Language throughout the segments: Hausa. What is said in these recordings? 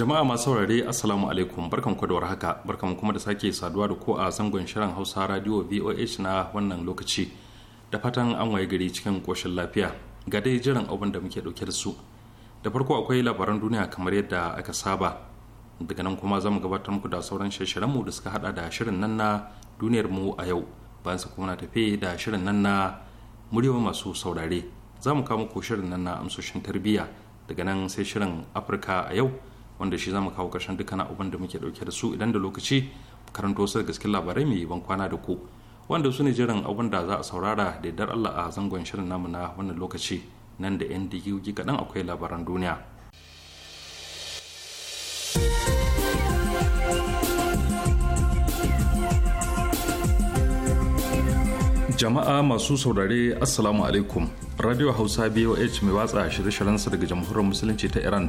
jama'a masu saurare assalamu alaikum barkan ku da warhaka barkan kuma da sake saduwa da ko a zangon shirin hausa radio voh na wannan lokaci da fatan an waye gari cikin koshin lafiya ga dai jiran abin da muke dauke da su da farko akwai labaran duniya kamar yadda aka saba daga nan kuma zamu gabatar muku da sauran shirin mu da suka hada da shirin nan na duniyar mu a yau bayan sa kuma na tafe da shirin nan na muryoyin masu saurare za mu kawo muku shirin nan na amsoshin tarbiyya daga nan sai shirin afirka a yau wanda shi zama kawo karshen dukkan abin da muke dauke da su idan da lokaci karanto su gaske labarai mai ban kwana da ku wanda su ne jiran abin da za a saurara da yardar Allah a zangon shirin namu na wannan lokaci nan da yan digigi kaɗan akwai labaran duniya. jama'a masu saurare assalamu alaikum radio hausa boh mai watsa shirye-shiryensa daga jamhuriyar musulunci ta iran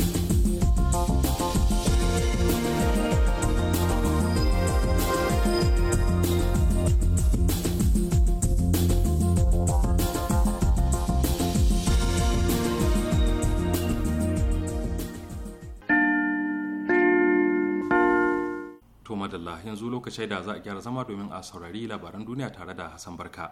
yanzu lokacin da za a gyara zama domin a saurari labaran duniya tare da Hassan Barka.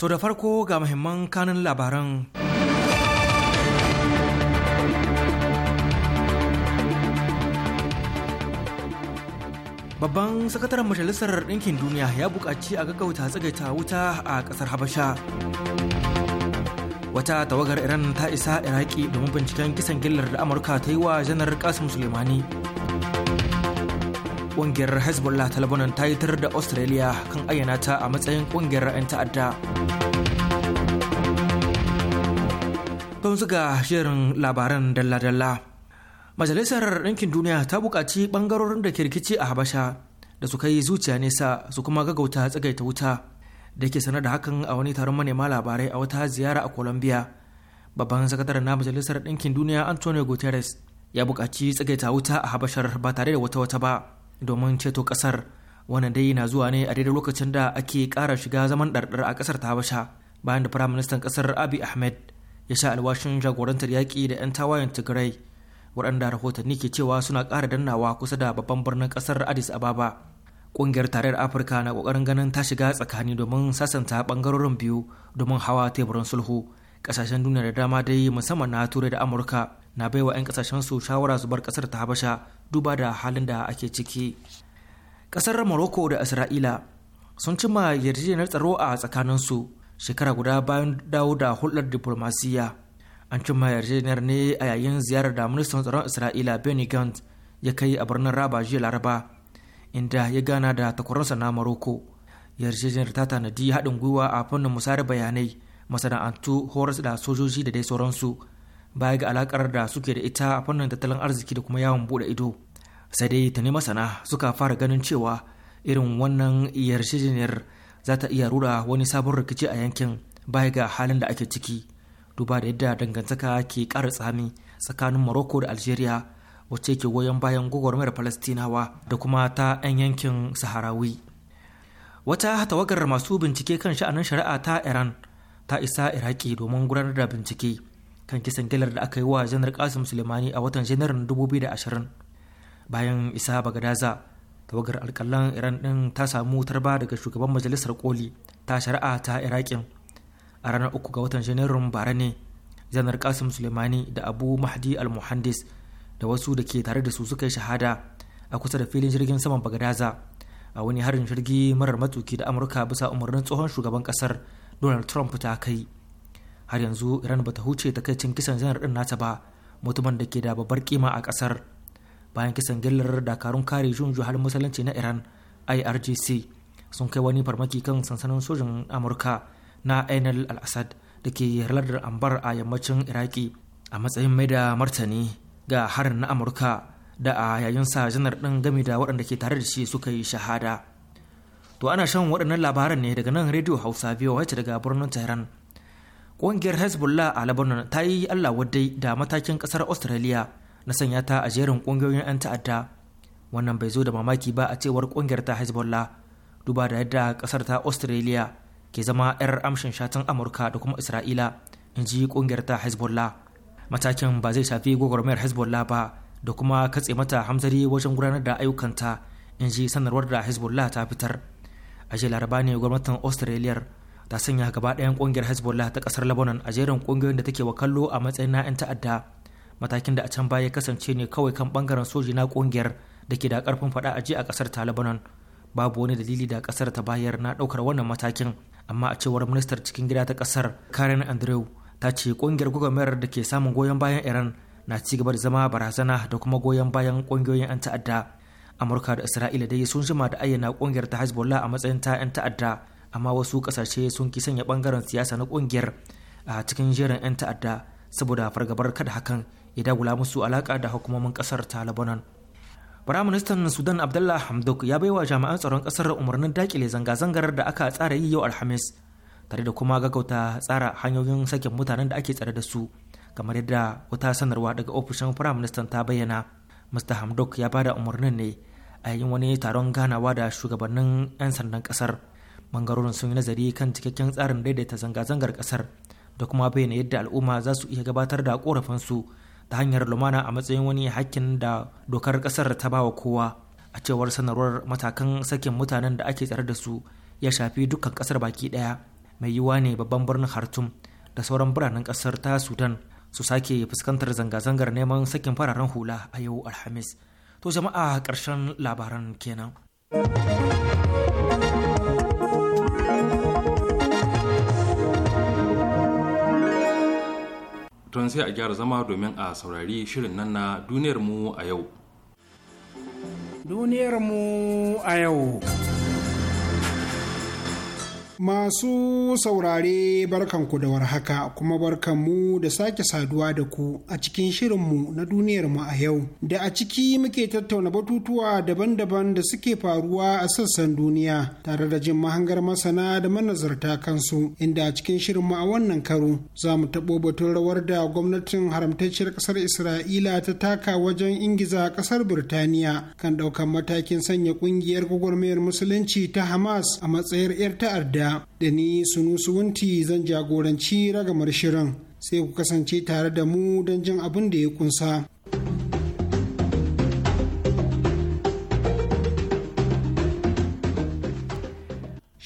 To da farko ga muhimman kanin labaran. babban sakataren majalisar ɗinkin duniya ya buƙaci a gaggauta tsagaita wuta a ƙasar habasha wata tawagar iran ta isa iraki domin binciken kisan gillar da amurka ta yi wa janar kasim sulemani ƙungiyar hezbollah ta lebanon ta yi da australia kan ayyana ta a matsayin ƙungiyar 'yan ta'adda don ga shirin labaran dalla-dalla majalisar ɗinkin duniya ta buƙaci ɓangarorin da ke rikici a habasha da su yi zuciya nesa su kuma gagauta tsagaita wuta da ke sanar da hakan a wani taron manema labarai a wata ziyara a colombia babban sakataren na majalisar ɗinkin duniya antonio guterres ya buƙaci tsagaita wuta a habashar ba tare da wata wata ba domin ceto ƙasar wannan dai na zuwa ne a daidai lokacin da ake ƙara shiga zaman ɗarɗar a ƙasar ta habasha bayan da firaministan ƙasar Abiy ahmed ya sha alwashin jagorantar yaƙi da 'yan tawayen tigray waɗanda rahotanni ke cewa suna ƙara dannawa kusa da babban birnin ƙasar addis ababa ƙungiyar tarayyar afirka na ƙoƙarin ganin ta shiga tsakani domin sasanta ɓangarorin biyu domin hawa teburin sulhu ƙasashen duniya da dama dai musamman na turai da amurka na baiwa 'yan ƙasashen su shawara zubar ƙasar ta habasha duba da halin da ake ciki ƙasar morocco da isra'ila sun cimma yarjejeniyar tsaro a tsakaninsu shekara guda bayan dawo da hulɗar diplomasiyya an cimma yarjejeniyar ne a yayin ziyarar da ministan tsaron isra'ila benny gantz ya kai a birnin raba jiya laraba inda ya gana da takwaransa na maroko yarjejeniyar ta tanadi haɗin gwiwa a fannin musari bayanai masana'antu horas da sojoji da dai sauransu baya ga alakar da suke da ita a fannin tattalin arziki da kuma yawon bude ido sai dai tuni masana suka fara ganin cewa irin wannan yarjejeniyar za ta iya rura wani sabon rikici a yankin baya ga halin da ake ciki duba da yadda dangantaka ke ƙara tsami tsakanin morocco da algeria wacce ke goyon bayan gwagwarmayar palestinawa da kuma ta 'yan yankin saharawi wata tawagar masu bincike kan sha'anin shari'a ta iran ta isa iraki domin gudanar da bincike kan kisan gilar da aka yi wa janar kasim sulemani a watan janar 2020 bayan isa bagadaza tawagar alkalan iran din ta samu tarba daga shugaban majalisar koli ta shari'a ta irakin a ranar uku ga watan janairun bara ne janar kasim sulemani da abu mahdi al-muhandis da wasu da ke tare da su suka yi shahada a kusa da filin jirgin saman bagadaza a wani harin jirgi marar matuki da amurka bisa umarnin tsohon shugaban kasar donald trump ta kai har yanzu iran ba ta huce takaicin kisan janar din nata ba mutumin da ke da babbar kima a kasar bayan kisan gillar dakarun kare junju juhal musulunci na iran irgc sun kai wani farmaki kan sansanin sojin amurka na ainal al-assad da ke halar ambar a yammacin iraki a matsayin mai da martani ga harin na amurka da a yayin sa janar ɗin gami da waɗanda ke tare da shi suka yi shahada to ana shan waɗannan labaran ne daga nan rediyo hausa biyu wacce daga birnin tehran ƙungiyar hezbollah a lebanon ta yi allah wadai da matakin ƙasar australia na sanya ta a jerin ƙungiyoyin 'yan ta'adda wannan bai zo da mamaki ba a cewar ƙungiyar ta hezbollah duba da yadda ƙasar ta australia ke zama 'yar amshin shatan amurka da kuma isra'ila in ji kungiyar ta hezbollah matakin ba zai shafi gwagwarmayar hezbollah ba da kuma katse mata hamzari wajen gudanar da ayyukanta in ji sanarwar da hezbollah ta fitar a jiya laraba ne gwamnatin australia ta sanya gaba ɗayan kungiyar hezbollah ta kasar lebanon a jerin kungiyoyin da take wa kallo a matsayin na 'yan ta'adda matakin da a can baya kasance ne kawai kan bangaren soji na kungiyar da ke da karfin faɗa a ji a ƙasar ta lebanon babu wani dalili da ƙasar ta bayar na ɗaukar wannan matakin amma a cewar ministar cikin gida ta kasar karen andrew ta ce kungiyar gwagwarmayar da ke samun goyon bayan iran na ci gaba da zama barazana da kuma goyon bayan kungiyoyin 'yan ta'adda amurka da isra'ila dai sun jima da ayyana kungiyar ta hezbollah a matsayin ta 'yan ta'adda amma wasu kasashe sun ki sanya bangaren siyasa na kungiyar a cikin jerin 'yan ta'adda saboda fargabar kada hakan ya dagula musu alaka da hukumomin kasar ta lebanon Firaministan Sudan Abdullah Hamdok ya baiwa jami'an tsaron ƙasar umarnin dakile zanga-zangar da aka tsara yi yau Alhamis, tare da kuma gaggauta tsara hanyoyin sakin mutanen da ake tsare da su, kamar yadda wata sanarwa daga ofishin Firaministan ta bayyana. Mr. Hamdok ya bada umarnin ne a yayin wani taron ganawa da shugabannin 'yan sandan ƙasar. Bangarorin sun yi nazari kan cikakken tsarin daidaita zanga-zangar ƙasar da kuma bayyana yadda al'umma za su iya gabatar da ƙorafinsu su ta hanyar lumana a matsayin wani hakkin da dokar kasar ta ba wa kowa a cewar sanarwar matakan sakin mutanen da ake tsare da su ya shafi dukkan kasar baki daya mai yiwuwa ne babban birnin hartum da sauran biranen kasar ta sudan su sake fuskantar zanga-zangar neman sakin fararen hula a yau alhamis to jama'a ƙarshen labaran kenan. tun sai a gyara zama domin a saurari shirin nan na duniyarmu a yau. Duniyarmu a yau. Masu saurare barkanku da warhaka kuma barkanmu da sake saduwa da ku a cikin shirinmu na duniyarmu a yau da a ciki muke tattauna batutuwa daban-daban da suke faruwa a sassan duniya tare da jin mahangar masana da manazarta kansu inda a cikin shirinmu a wannan karo za mu taɓo batun rawar da gwamnatin haramtacciyar ƙasar Isra'ila ta taka wajen ingiza ƙasar Birtaniya kan ɗaukar matakin sanya ƙungiyar gwagwarmayar musulunci ta Hamas a matsayar 'yar ta'adda da ni sunu zan jagoranci ragamar shirin sai ku kasance tare da mu don jin abin da ya kunsa.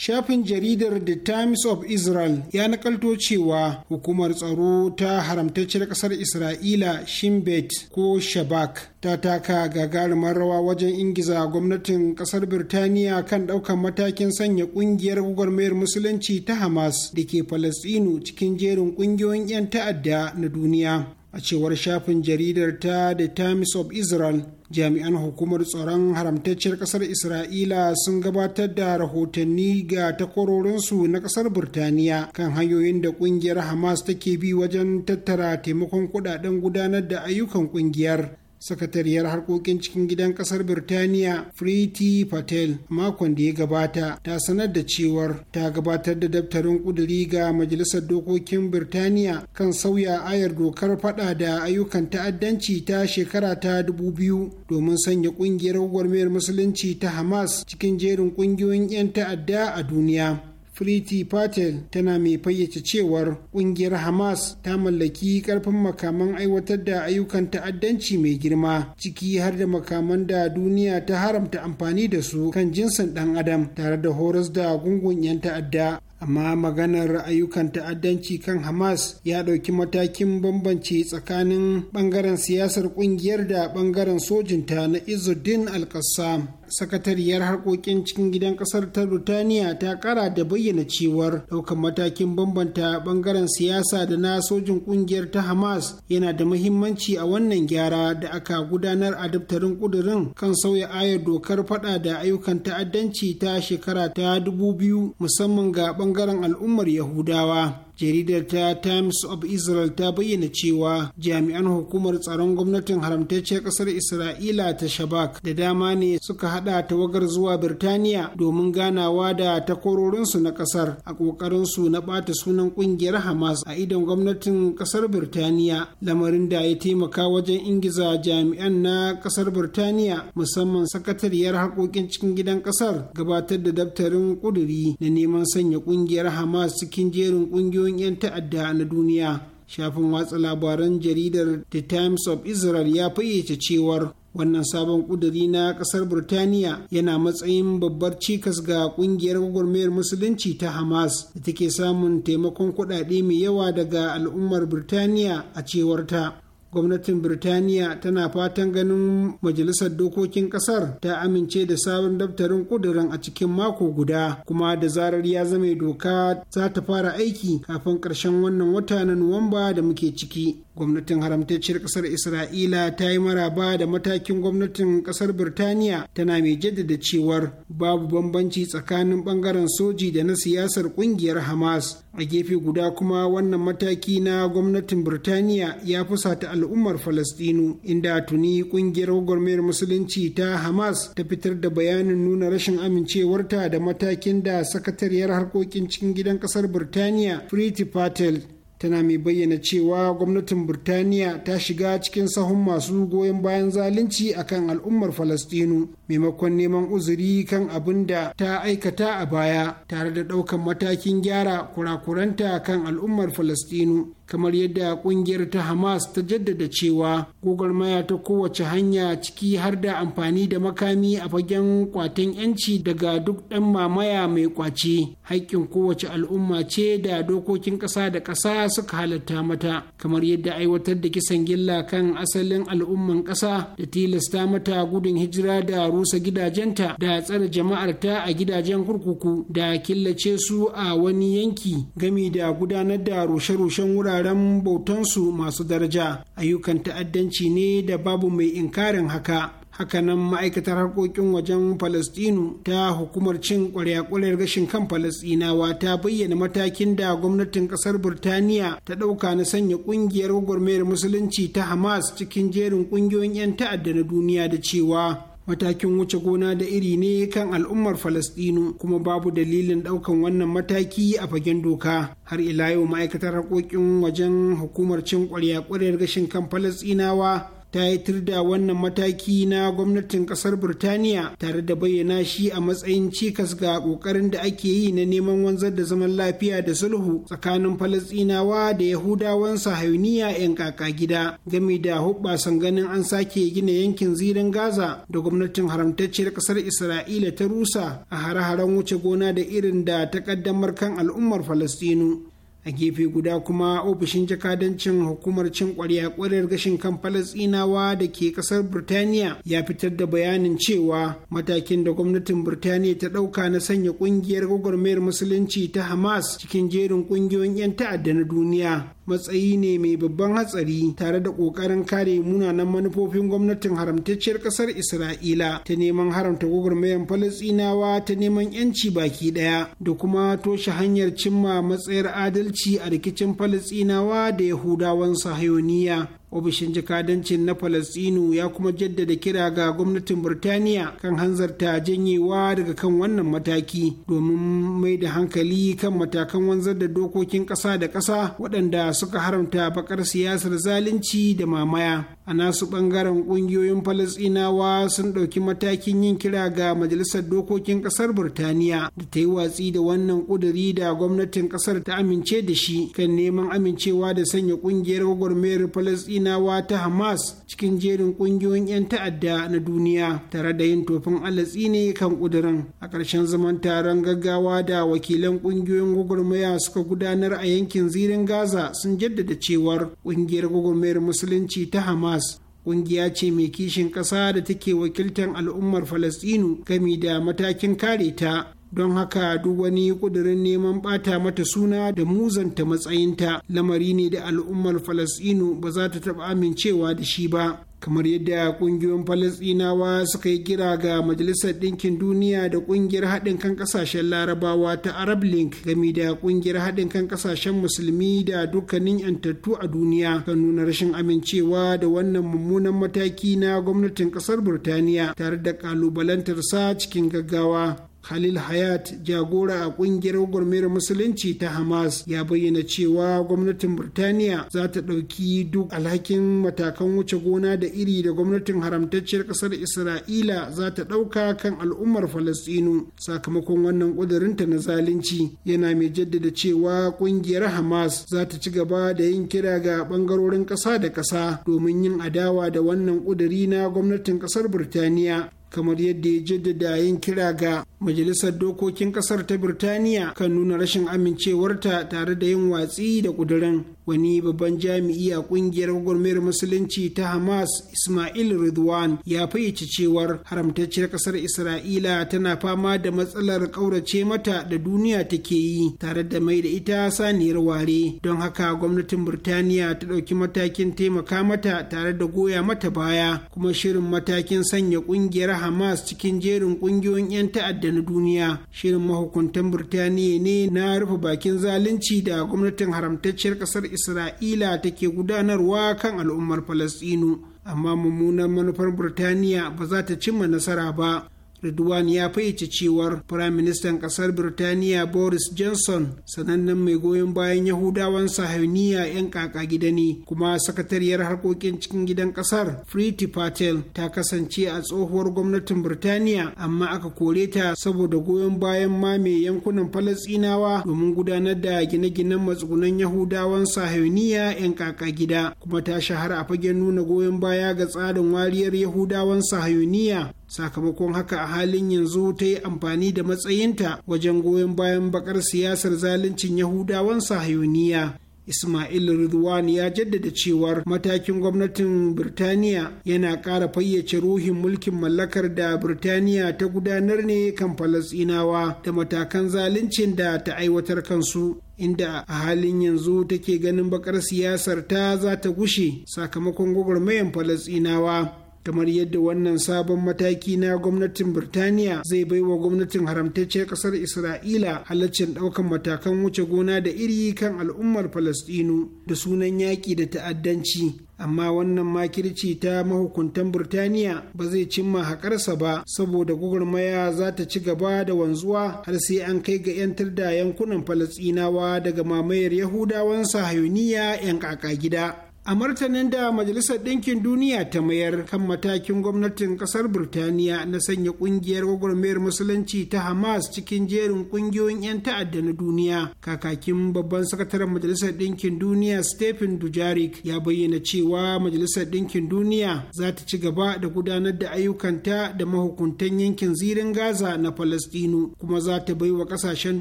Shafin jaridar The Times of Israel ya nakalto cewa hukumar tsaro ta haramtacciyar ƙasar Isra'ila Shimbet ko Shabak ta taka gagarumar rawa wajen ingiza gwamnatin ƙasar Birtaniya kan ɗaukar matakin sanya ƙungiyar gwagwarmayar musulunci ta Hamas da ke Falasɗinu cikin jerin ƙungiyoyin 'yan ta'adda na duniya. a cewar shafin jaridar ta The Times of Israel jami'an hukumar tsaron haramtacciyar kasar isra'ila sun gabatar da rahotanni ga takwarorinsu na kasar birtaniya kan hanyoyin da kungiyar hamas take bi wajen tattara taimakon kudaden gudanar da ayyukan kungiyar sakatariyar harkokin cikin gidan kasar birtaniya Priti patel makon da ya gabata ta sanar da cewar ta gabatar da daftarin kuduri ga majalisar dokokin birtaniya kan sauya ayar dokar fada da ayyukan ta'addanci ta shekara ta 2000 domin sanya kungiyar gwagwarmayar musulunci ta hamas cikin jerin kungiyoyin 'yan ta'adda a duniya Priti Patel tana mai fayyace cewar ƙungiyar Hamas ta mallaki ƙarfin makaman aiwatar da ayyukan ta'addanci mai girma ciki har da makaman da duniya ta haramta amfani da su kan jinsin ɗan adam tare da horas da gungun 'yan ta'adda amma maganar ayyukan ta'addanci kan hamas ya ɗauki matakin bambanci tsakanin ɓangaren siyasar ƙungiyar da ɓangaren sojinta na izuddin alkassam sakatariyar harkokin cikin gidan ƙasar ta burtaniya ta ƙara da bayyana cewar ɗaukar matakin bambanta ɓangaren siyasa da na sojin ƙungiyar ta Hamas yana da muhimmanci a wannan gyara da aka gudanar a daftarin ƙudurin kan sauya ayar dokar faɗa da ayyukan ta'addanci ta shekara ta dubu musamman ga ɓangaren al'ummar yahudawa jaridar ta times of israel ta bayyana cewa jami'an hukumar tsaron gwamnatin haramtacciyar kasar isra'ila ta shabak da dama ne suka hada tawagar zuwa birtaniya domin ganawa da takwarorinsu na kasar a ƙoƙarinsu na ɓata sunan ƙungiyar hamas a idon gwamnatin kasar birtaniya lamarin da ya taimaka wajen ingiza jami'an na kasar birtaniya musamman sakatariyar harkokin cikin gidan kasar gabatar da daftarin ƙuduri na neman sanya ƙungiyar hamas cikin jerin ƙungiyoyi ƙungiyoyin 'yan ta'adda na duniya shafin watsa labaran jaridar the times of israel ya fayyace cewar wannan sabon ƙuduri na kasar burtaniya yana matsayin babbar cikas ga kungiyar gwagwarmayar musulunci ta hamas da take samun taimakon kudade mai yawa daga al'ummar burtaniya a cewarta gwamnatin birtaniya tana fatan ganin majalisar dokokin kasar ta amince da sabon daftarin kudirin a cikin mako guda kuma da zarar ya zame doka za ta fara aiki kafin ƙarshen wannan wata na nuwamba da muke ciki gwamnatin haramtacciyar kasar isra'ila ta yi maraba da matakin gwamnatin kasar birtaniya tana mai jaddada cewar babu bambanci tsakanin bangaren soji da na siyasar kungiyar hamas a gefe guda kuma wannan mataki na gwamnatin birtaniya ya fusata al'ummar falastinu inda tuni kungiyar gwagwarmayar musulunci ta hamas ta fitar da bayanin nuna rashin amincewarta da matakin da sakatariyar harkokin cikin gidan kasar birtaniya priti patel tana mai bayyana cewa gwamnatin burtaniya ta shiga cikin sahun masu goyon bayan zalunci akan al'ummar falastinu maimakon neman uzuri kan abin da ta aikata a baya tare da ɗaukan matakin gyara kurakuranta kan al'ummar falastinu kamar yadda kungiyar ta hamas ta jaddada cewa gwagwarmaya ta kowace hanya ciki har da amfani da makami a fagen kwatan yanci daga duk ɗan mamaya mai kwace haƙƙin kowace al'umma ce da dokokin ƙasa da ƙasa suka halatta mata kamar yadda aiwatar da kisan gilla kan asalin al'umman ƙasa da tilasta mata gudun hijira da rusa gidajenta da tsare jama'arta a gidajen kurkuku da killace su a wani yanki gami da gudanar da rushe-rushen wurare wuraren su masu daraja ayyukan ta'addanci ne da babu mai inkarin haka hakanan ma'aikatar harkokin wajen falastinu ta hukumar cin kwarya kwarya gashin kan falastinawa ta bayyana matakin da gwamnatin kasar burtaniya ta ɗauka na sanya ƙungiyar gwagwarmayar musulunci ta hamas cikin jerin ƙungiyoyin 'yan ta'adda na duniya da cewa matakin wuce gona da iri ne kan al'ummar falastinu kuma babu dalilin daukan wannan mataki a fagen doka har ila yau ma'aikatar harkokin wajen hukumar cin kwarya kwaryar gashin kan falastinawa ta yi tirda wannan mataki na gwamnatin kasar Birtaniya tare da bayyana shi a matsayin cikas ga kokarin da ake yi na neman wanzar da zaman lafiya da sulhu tsakanin Falasɗinawa da Yahudawan Sahayuniya 'yan kaka gida game da hubbasan ganin an sake gina yankin zirin Gaza da gwamnatin haramtacciyar kasar Isra'ila ta rusa a hare-haren wuce gona da irin da ta kaddamar kan al'ummar Falasɗinu. a gefe guda kuma ofishin jakadancin hukumar cin kwarya kwarar gashin kan falasinawa da ke kasar birtaniya ya fitar da bayanin cewa matakin da gwamnatin birtaniya ta ɗauka na sanya ƙungiyar gwagwarmayar musulunci ta hamas cikin jerin ƙungiyoyin 'yan ta'adda na duniya matsayi ne mai babban hatsari tare da ƙoƙarin kare munanan manufofin gwamnatin haramtacciyar ƙasar isra'ila ta neman haramta gwagwarmayar falasinawa ta neman yanci baki ɗaya da kuma toshe hanyar cimma matsayar adalci a rikicin falasinawa da yahudawan sahayoniya ofishin jakadancin na falastinu ya kuma jaddada kira ga gwamnatin burtaniya kan hanzarta janyewa daga kan wannan mataki domin mai da hankali kan matakan wanzar da dokokin ƙasa da ƙasa waɗanda suka haramta bakar siyasar zalunci da mamaya a nasu ɓangaren ƙungiyoyin falastinawa sun ɗauki matakin yin kira ga majalisar dokokin ƙasar burtaniya da ta yi watsi da wannan ƙuduri da gwamnatin ƙasar ta amince da shi kan neman amincewa da sanya ƙungiyar gwagwarmayar falasɗina Falasɗinawa ta Hamas cikin jerin ƙungiyoyin 'yan ta'adda na duniya tare da yin tofin alatsi ne kan ƙudurin. A ƙarshen zaman taron gaggawa da wakilan ƙungiyoyin gwagwarmaya suka gudanar a yankin zirin Gaza sun jaddada cewar ƙungiyar gwagwarmayar Musulunci ta Hamas ƙungiya ce mai kishin ƙasa da take wakiltar al'ummar falasɗinu gami da matakin kare ta don haka duk wani kudirin neman bata mata suna da muzanta matsayinta lamari ne da al'ummar falasɗinu ba za ta taɓa amincewa da shi ba kamar yadda kungiyoyin falasinawa suka yi kira ga majalisar ɗinkin duniya da ƙungiyar haɗin kan ƙasashen larabawa ta arab link game da ƙungiyar haɗin kan ƙasashen musulmi da dukkanin yantattu a duniya kan nuna rashin amincewa da wannan mummunan mataki na gwamnatin ƙasar burtaniya tare da ƙalubalantarsa cikin gaggawa Khalil Hayat jagora a kungiyar gwamnatin musulunci ta Hamas ya bayyana cewa gwamnatin Burtaniya za ta ɗauki duk alhakin matakan wuce gona da iri da gwamnatin haramtacciyar ƙasar Isra'ila za ta ɗauka kan al'ummar Falastinu sakamakon wannan ƙudurinta na zalunci yana mai jaddada cewa kungiyar Hamas za ta ci gaba da yin kira ga ɓangarorin ƙasa da ƙasa domin yin adawa da wannan ƙuduri na gwamnatin ƙasar Burtaniya kamar yadda ya jaddada yin kira ga Majalisar Dokokin Kasar ta Birtaniya kan nuna rashin amincewarta tare da yin watsi da ƙudurin. Wani babban jami'i a ƙungiyar gwagwarmayar Musulunci ta Hamas Ismail Ridwan ya fayyace cewar haramtacciyar ƙasar Isra'ila tana fama da matsalar ƙaurace mata da duniya take yi tare da mai da ita saniyar ware. Don haka gwamnatin Birtaniya ta ɗauki matakin taimaka mata tare da goya mata baya kuma shirin matakin sanya ƙungiyar Hamas cikin jerin ƙungiyoyin 'yan ta'adda da na duniya shirin mahukuntan birtaniya ne na rufe bakin zalunci da gwamnatin haramtacciyar kasar isra'ila take gudanarwa kan al'ummar falastinu amma mummunan manufar birtaniya ba za ta cimma nasara ba Ridwan ya fayyace cewar Firaministan ƙasar Birtaniya Boris Johnson sanannen mai goyon bayan Yahudawan sahiniya 'yan kaka gida ne kuma sakatariyar harkokin cikin gidan ƙasar Priti Patel ta kasance a tsohuwar gwamnatin Birtaniya amma aka kore ta saboda goyon bayan mame yankunan Falasɗinawa domin gudanar da gine-ginen matsugunan Yahudawan sahiniya 'yan kaka gida kuma ta shahara a fagen nuna goyon baya ga tsarin wariyar Yahudawan sahiniya sakamakon haka a halin yanzu ta yi amfani da matsayinta wajen goyon bayan bakar siyasar zaluncin yahudawan sahayuniya Ismail Ridwan ya jaddada cewar matakin gwamnatin Birtaniya yana ƙara fayyace ruhin mulkin mallakar da Birtaniya ta gudanar ne kan Falasɗinawa da matakan zaluncin da ta aiwatar kansu. Inda a halin yanzu take ganin bakar siyasar ta za ta gushe sakamakon gwagwarmayan Falasɗinawa. kamar yadda wannan sabon mataki na gwamnatin Birtaniya zai baiwa gwamnatin haramtacciyar kasar Isra'ila halaccin ɗaukan matakan wuce gona da iri kan al'ummar Falasɗinu da sunan yaƙi da ta'addanci. Amma wannan makirci ta mahukuntan Birtaniya ba zai cimma haƙarsa ba saboda gwagwarmaya za ta ci gaba da wanzuwa har sai an kai ga 'yantar da yankunan Falasɗinawa daga mamayar Yahudawan Sahayuniya 'yan ƙaƙa gida. a martanin da majalisar ɗinkin duniya ta mayar kan matakin gwamnatin ƙasar burtaniya na sanya ƙungiyar gwagwarmayar musulunci ta hamas cikin jerin ƙungiyoyin 'yan ta'adda na duniya kakakin babban sakataren majalisar ɗinkin duniya stephen dujarik ya bayyana cewa majalisar ɗinkin duniya za ta ci gaba da gudanar da ayyukanta da mahukuntan yankin zirin gaza na falastinu kuma za ta wa ƙasashen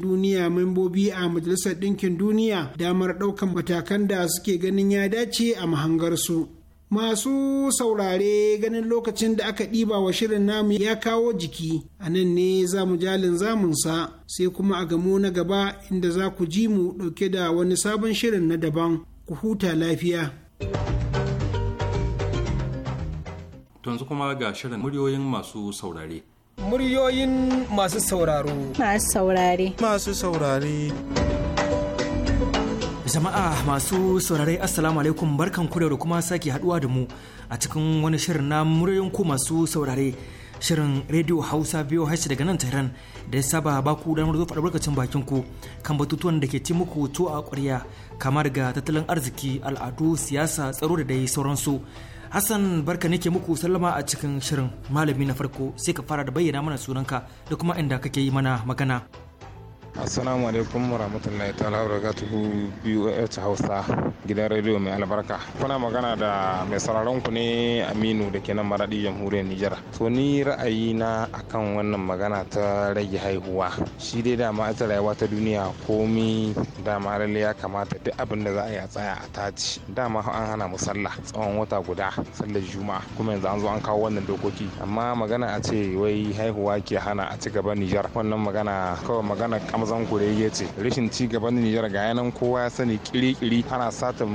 duniya membobi a majalisar ɗinkin duniya damar ɗaukan matakan da suke ganin ya dace a mahangarsu. Masu saurare ganin lokacin da aka ɗiba wa shirin namu ya kawo jiki, a nan ne za mu jalin zamunsa sai kuma a gamo na gaba inda za ku ji mu ɗauke da wani sabon shirin na daban, ku huta lafiya. Tunzu kuma ga shirin muryoyin masu saurare. Muryoyin masu sauraro. Masu saurare. Masu saurare. Jama'a masu saurare Assalamu alaikum barkan ku da kuma sake haduwa da mu a cikin wani shirin na muryoyin ku masu saurare shirin Radio Hausa biyo hashi daga nan Tehran da ya saba ba ku damar zo faɗa barkacin bakin ku kan batutuwan da ke ci muku to a ƙwarya kama daga tattalin arziki al'adu siyasa tsaro da dai sauransu. Hassan barka nake muku sallama a cikin shirin malami na farko sai ka fara da bayyana mana sunanka da kuma inda kake yi mana magana. assalamu alaikum warahmatullahi ta'ala wabarakatuhu BOS Hausa gidan rediyo mai albarka kuna magana da mai sararin ku ne Aminu da ke nan maradi jamhuriyar Nijar to ni ra'ayi na akan wannan magana ta rage haihuwa shi dai dama ita rayuwa ta duniya komi dama lalle ya kamata duk abin da za a yi a tsaya a taci dama an hana mu sallah tsawon wata guda sallar juma'a kuma yanzu an zo an kawo wannan dokoki amma magana a ce wai haihuwa ke hana a ci gaban Nijar wannan magana kawai magana mazan ya ce rashin ci gaban Nijar ga yanan kowa ya sani kiri-kiri ana sata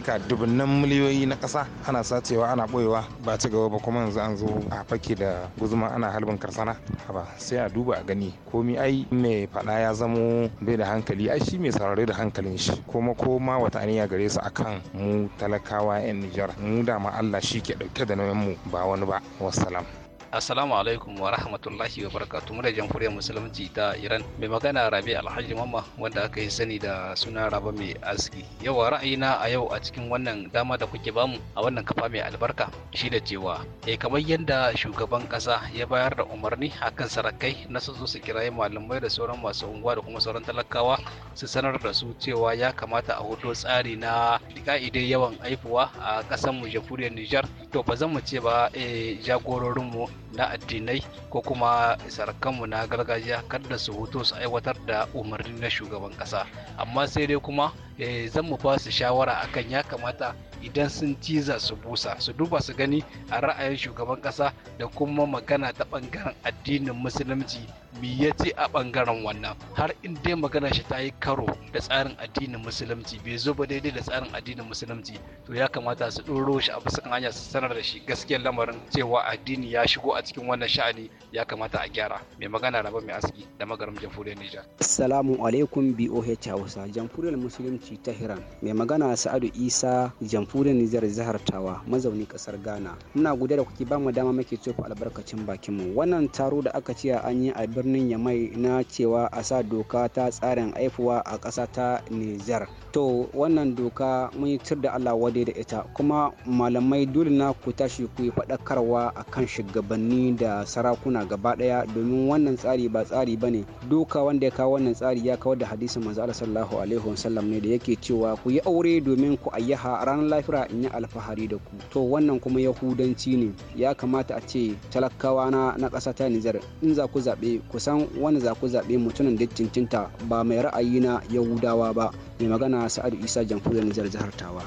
ka dubunan miliyoyi na ƙasa ana sacewa ana boyewa ba ci gaba ba kuma yanzu an zo a fake da guzuma ana halbin karsana haba sai a duba a gani komi ai mai faɗa ya zamo bai da hankali ai shi mai saurare da hankalin shi kuma ko ma wata aniya gare su akan mu talakawa 'yan Nijar mu da ma Allah shi ke ɗauke da nauyin mu ba wani ba wassalam Assalamu alaikum wa rahmatullahi wa barakatuh mu da jamhuriyar musulunci ta Iran. Mai magana Rabi Alhaji Mamma wanda aka yi sani da suna Raba mai aski. Yawa ra'ayina a yau a cikin wannan dama da kuke bamu a wannan kafa mai albarka shi da cewa eh kamar yadda shugaban ƙasa ya bayar da umarni akan sarakai na su su kirayi malamai da sauran masu unguwa da kuma sauran talakawa su sanar da su cewa ya kamata a hoto tsari na ka'idai yawan aifuwa a ƙasar mu jamhuriyar Nijar to ba zan mu ce ba eh, jagororinmu na addinai ko kuma sarakanmu na gargajiya kada su hoto su aiwatar da umarni na shugaban kasa amma sai dai kuma eh, zan mu ba su shawara akan ya kamata idan sun ciza su busa su duba su gani a ra'ayin shugaban kasa da kuma magana ta bangaren addinin musulunci mi ya ce a ɓangaren wannan har in dai magana shi ta yi karo da tsarin addinin musulunci bai zo ba daidai da tsarin addinin musulunci to ya kamata su ɗoro shi a bisa hanya su sanar da shi gaskiyar lamarin cewa addini ya shigo a cikin wannan sha'ani ya kamata a gyara mai magana raba mai aski da magarin jamhuriyar Nijar. Assalamu alaikum BOH Hausa jamhuriyar musulunci hiran mai magana Sa'adu Isa jamhuriyar Nijar jihar Tawa mazauni kasar Ghana muna gode da kuke ba mu dama muke tofa albarkacin bakinmu. wannan taro da aka ce an yi a birnin birnin yamai na cewa a sa doka ta tsarin aifuwa a ƙasa ta nijar to wannan doka mun yi da allah wadai da ita kuma malamai dole na ku tashi ku yi faɗakarwa a kan shugabanni da sarakuna gaba ɗaya domin wannan tsari ba tsari ba ne doka wanda ya kawo wannan tsari ya kawar da hadisin manzo ala sallallahu alaihi wasallam ne da yake cewa ku yi aure domin ku ayyaha ranar lafira in yi alfahari da ku to wannan kuma yahudanci ne ya kamata a ce talakawa na na ƙasa ta Nijar in za ku zaɓe ku kusan wani zaku zaɓe mutumin da tintinta ba mai ra'ayi na yahudawa ba mai magana sa'adu isa jamhuriyar nijar jihar tawa.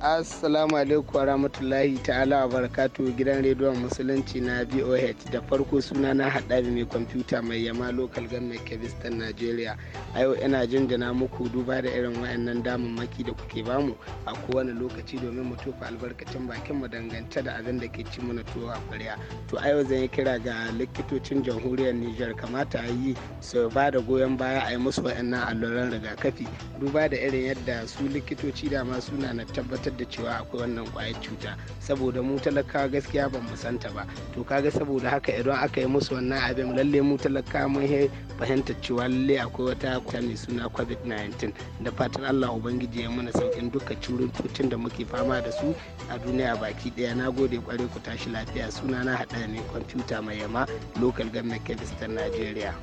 assalamu alaikum wa rahmatullahi ta'ala wa barakatu gidan rediyon musulunci na boh da farko suna na haɗari mai kwamfuta mai yama local government kebistan nigeria a yau ina jinjina muku duba da irin wayannan maki da kuke bamu a kowane lokaci domin mu tofa albarkacin bakin mu dangance da abin da ke ci mana tuwo a ƙwarya to a yau zan yi kira ga likitocin jamhuriyar nijar kamata a yi su ba da goyon baya a yi musu wayannan alluran rigakafi duba da irin yadda su likitoci dama suna na tabbatar tabbatar da cewa akwai wannan kwayar cuta saboda mu talaka gaskiya ban mu santa ba to kaga saboda haka idan aka yi musu wannan abin lalle mu talaka mun fahimta cewa lalle akwai wata kwata mai suna covid-19 da fatan allah ubangiji ya mana saukin duka curin da muke fama da su a duniya baki daya na gode kware ku tashi lafiya suna na hada ne kwamfuta mai yama local government kebistan nigeria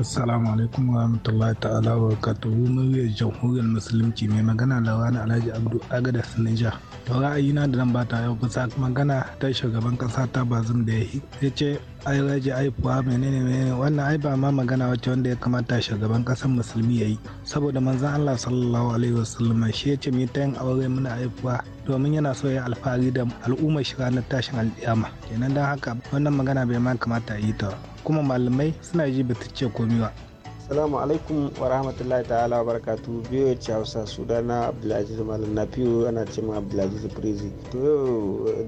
Assalamu alaikum wa rahmatullahi ta'ala wa barakatuhu muryar jamhuriyar musulunci mai magana lawani Alhaji Abdu Agada Sinija. Ra'ayina da nan ba ta yau bisa magana ta shugaban kasa ta Bazum da ya yi. ya ce ai raji ai fuwa menene menene wannan ai ba ma magana wacce wanda ya kamata shugaban kasar musulmi ya yi. saboda manzon Allah sallallahu alaihi wasallam shi ya ce mu ta yin aure muna fuwa domin yana so ya alfahari da al'ummar shi ranar tashin alƙiyama kenan don haka wannan magana bai ma kamata ya yi ta ba. kuma malamai suna ji ba ta ce komi ba assalamu alaikum wa rahmatullahi ta'ala wa barakatu biyo ci hausa sudana abdulaziz malam na fiyo ana ce ma abdulaziz prezi to yau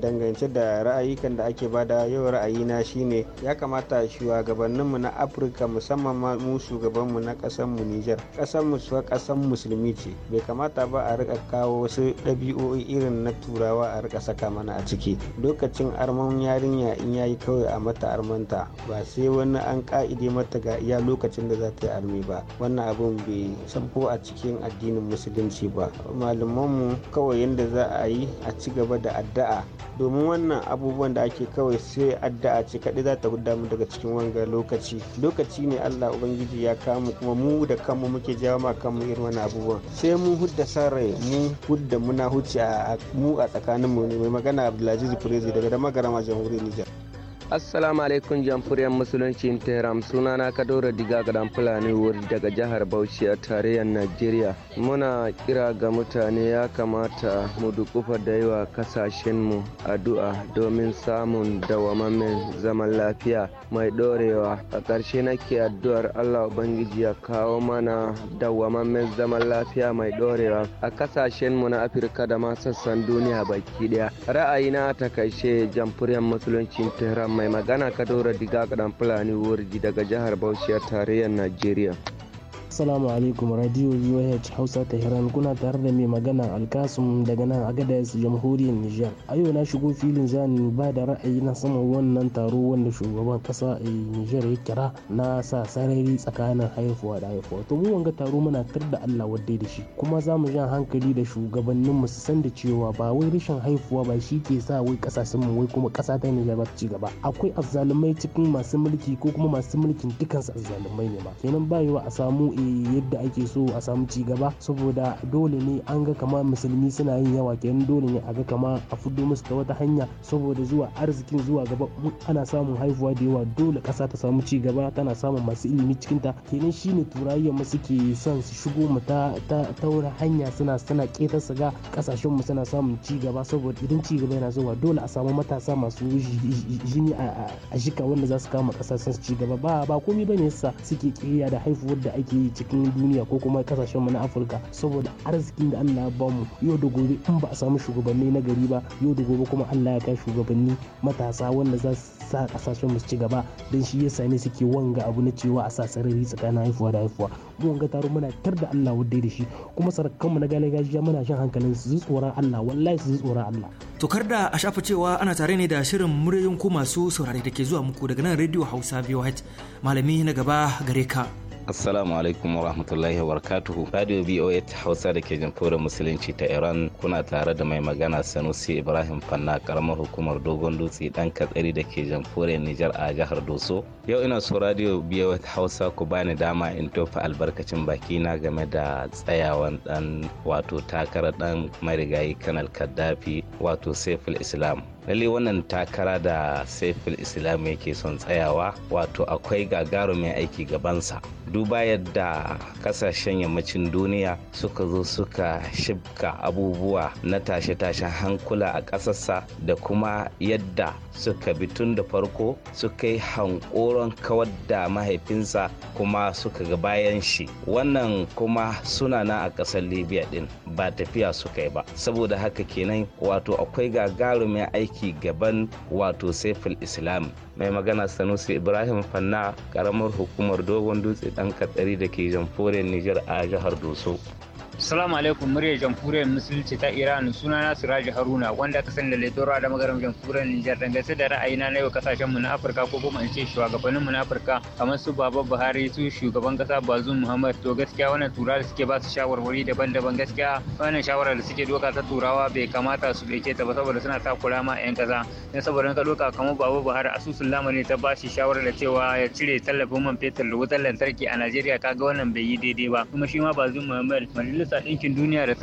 dangance da ra'ayikan da ake bada yau ra'ayina shine ya kamata mu na afirka musamman ma mu shugabanmu na ƙasarmu nijar mu suwa kasan musulmi ce bai kamata ba a rika kawo wasu ɗabi'o'i irin na turawa a rika saka mana a ciki lokacin arman yarinya in yayi kawai a mata armanta ba sai wani an ka'ide mata ga iya lokacin da za ta yi almi ba wannan abun bai sabko a cikin addinin musulunci ba malamanmu kawai yadda za a yi a ci gaba da addu'a domin wannan abubuwan da ake kawai sai addu'a ce kaɗai za ta gudda mu daga cikin wanga lokaci lokaci ne allah ubangiji ya kamu kuma mu da kanmu muke jawo ma kanmu irin wani abubuwan sai mun hudda sarai mu hudda muna huce a mu a tsakaninmu ne mai magana abdulaziz firezi daga da magarama jamhuriyar nijar assalamu alaikum jamhuriyar musulunci tehran suna na kadora diga dan fulani wuri daga jihar bauchi a tarayyar najeriya muna kira ga mutane ya kamata mu dukufa da yawa kasashenmu addu'a domin samun dawamammen zaman lafiya mai dorewa a ƙarshe nake addu'ar allah ubangiji ya kawo mana dawamammen zaman lafiya mai dorewa a kasashenmu na afirka da ma sassan duniya baki daya ra'ayina a takaice jamhuriyar musulunci tehran mai mai magana kadora diga kadan fulani warji daga jihar bauchi tarayyar najeriya Assalamu alaikum Radio VOH Hausa Tehran kuna tare da mai magana Alkasum daga nan Agadez Jamhuriyar Nijar. A yau na shigo filin zani ba da ra'ayi na sama wannan taro wanda shugaban kasa a eh, Nijar ya kira na sa sarari tsakanin haifuwa da haifuwa. To mu wanga taro muna tar da Allah wadda da shi kuma za mu jan hankali da shugabannin mu su san da cewa ba wai rashin haifuwa ba shi ke sa wai kasashen mu wai kuma kasa ta Nijar ba ci gaba. Akwai azzalumai cikin masu mulki ko kuma masu mulkin dukansu azzalumai ne ma. Kenan ba a samu eh, yadda ake so a samu ci gaba saboda dole ne an ga kama musulmi suna yin yawa kenan dole ne a ga kama a fuddo musu ta wata hanya saboda zuwa arzikin zuwa gaba ana samun haihuwa da yawa dole ƙasa ta samu ci gaba tana samun masu ilimi cikin ta kenan shine turayya mu suke son su shigo mu ta ta wani hanya suna suna ƙetar su ga ƙasashen mu suna samun ci gaba saboda idan ci gaba yana zuwa dole a samu matasa masu jini a shika wanda za su kama ƙasashen su ci gaba ba ba komai bane yasa suke ƙiyya da haihuwar da ake yi cikin duniya ko kuma kasashen mu na afirka saboda arzikin da allah ya bamu yau da gobe in ba a samu shugabanni na gari ba yau da gobe kuma allah ya kai shugabanni matasa wanda za su sa kasashen mu ci gaba don shi yasa ne suke wanga abu na cewa a sa sarari tsakanin haifuwa da haifuwa mu wanga taro muna tar da allah wadda da shi kuma mu na gajiya muna shan hankalin su tsoron allah wallahi su tsoron allah kar da a shafa cewa ana tare ne da shirin muryoyin ku masu saurare da ke zuwa muku daga nan radio hausa voh malami na gaba gare ka. Assalamu alaikum wa rahmatullahi wa barakatuhu. Radio ta Hausa da ke jamhuriyar Musulunci ta Iran kuna tare da mai magana Sanusi Ibrahim Fanna karamar hukumar Dogon Dutse dan Katsari da ke jamhuriyar Nijar a jihar Doso. Yau ina so Radio ta Hausa ku bani dama in tofa albarkacin baki na game da tsayawan dan wato takarar dan marigayi Kanal Kaddafi wato Saiful Islam. lalle wannan takara da saifin islam yake son tsayawa wato akwai gagarumin aiki gabansa duba yadda kasashen yammacin duniya suka zo suka shibka abubuwa na tashe-tashen hankula a kasarsa da kuma yadda suka bi tun da farko suka yi hankoron kawar da mahaifinsa kuma suka ga bayan shi wannan kuma suna na a ƙasar libya din ba tafiya suka yi ba saboda haka kenan wato akwai gagarumin aiki aiki gaban wato saiful islam mai magana sanusi ibrahim fanna karamar hukumar dogon dutse dan katsari da ke jamforiyar niger a jihar doso Salamu alaikum muryar jamhuriyar musulunci ta Iran suna na Siraji Haruna wanda aka sani da Ledora da magaram jamhuriyar Nijar dangance da ra'ayina na yau kasashen mu na Afirka ko kuma in ce shugabannin mu na Afirka kamar su Baba Buhari su shugaban kasa Bazoum Muhammad to gaskiya wannan tura da suke ba su shawarwari daban-daban gaskiya wannan shawara da suke doka ta turawa bai kamata su beke ta ba saboda suna takura ma 'yan kaza ne saboda ka doka kamar Baba Buhari asusun lamani ta ba shi shawarar da cewa ya cire tallafin man fetur da wutar lantarki a Najeriya kaga wannan bai yi daidai ba kuma shi ma Bazoum Muhammad majalisar ɗinkin duniya da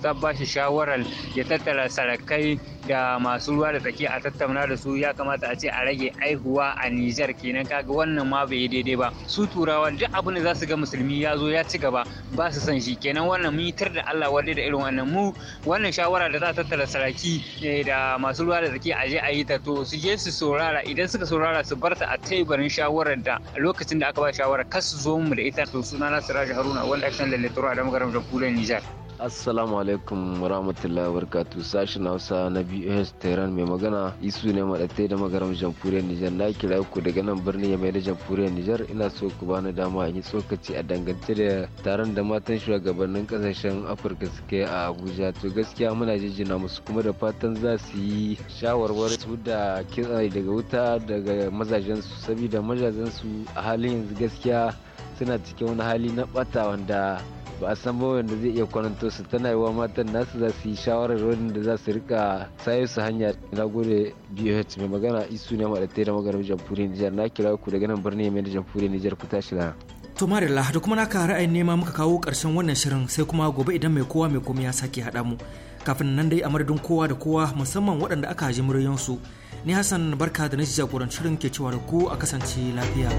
ta ba shi shawarar ya tattara sarakai da masu ruwa da tsaki a tattauna da su ya kamata a ce a rage aihuwa a Nijar kenan kaga wannan ma bai daidai ba su turawa duk abin da za su ga musulmi ya zo ya ci gaba ba su san shi kenan wannan mitar da Allah wadai da irin wannan mu wannan shawara da za a tattara saraki eh, da masu ruwa da tsaki a je a yi ta to su je su saurara idan suka saurara su bar ta a teburin shawarar da lokacin da aka ba shawara kas su zo mu da ita to na Siraj Haruna wanda aka san lalle turawa da magaram Kulen Nijar. Assalamu alaikum warahmatullahi sashen Hausa na BOS Tehran mai magana isu ne madatai da magaram jamhuriyar Nijar na kira ku daga nan birnin ya mai da jamhuriyar Nijar ina so ku bani dama in yi tsokaci a dangance da taron da matan shugabannin kasashen Afirka suke a Abuja to gaskiya muna jijina musu kuma da fatan za su yi shawarwar su da kitsa daga wuta daga mazajen su saboda mazajen su a halin yanzu gaskiya suna cikin wani hali na bata wanda ba a san ba wanda zai iya kwananto su tana yiwa matan nasu za su yi shawarar wani da za su rika sayo su hanya na gode bh mai magana isu ne maɗatai da magarin jamfuri nijar na kira ku daga nan birnin mai da jamfuri nijar ku tashi da to marilla da kuma naka ra'ayin nema muka kawo ƙarshen wannan shirin sai kuma gobe idan mai kowa mai komai ya sake haɗa mu kafin nan dai a madadin kowa da kowa musamman waɗanda aka ji muryansu ni hassan barka da na jagorancin shirin ke cewa da ku a kasance lafiya.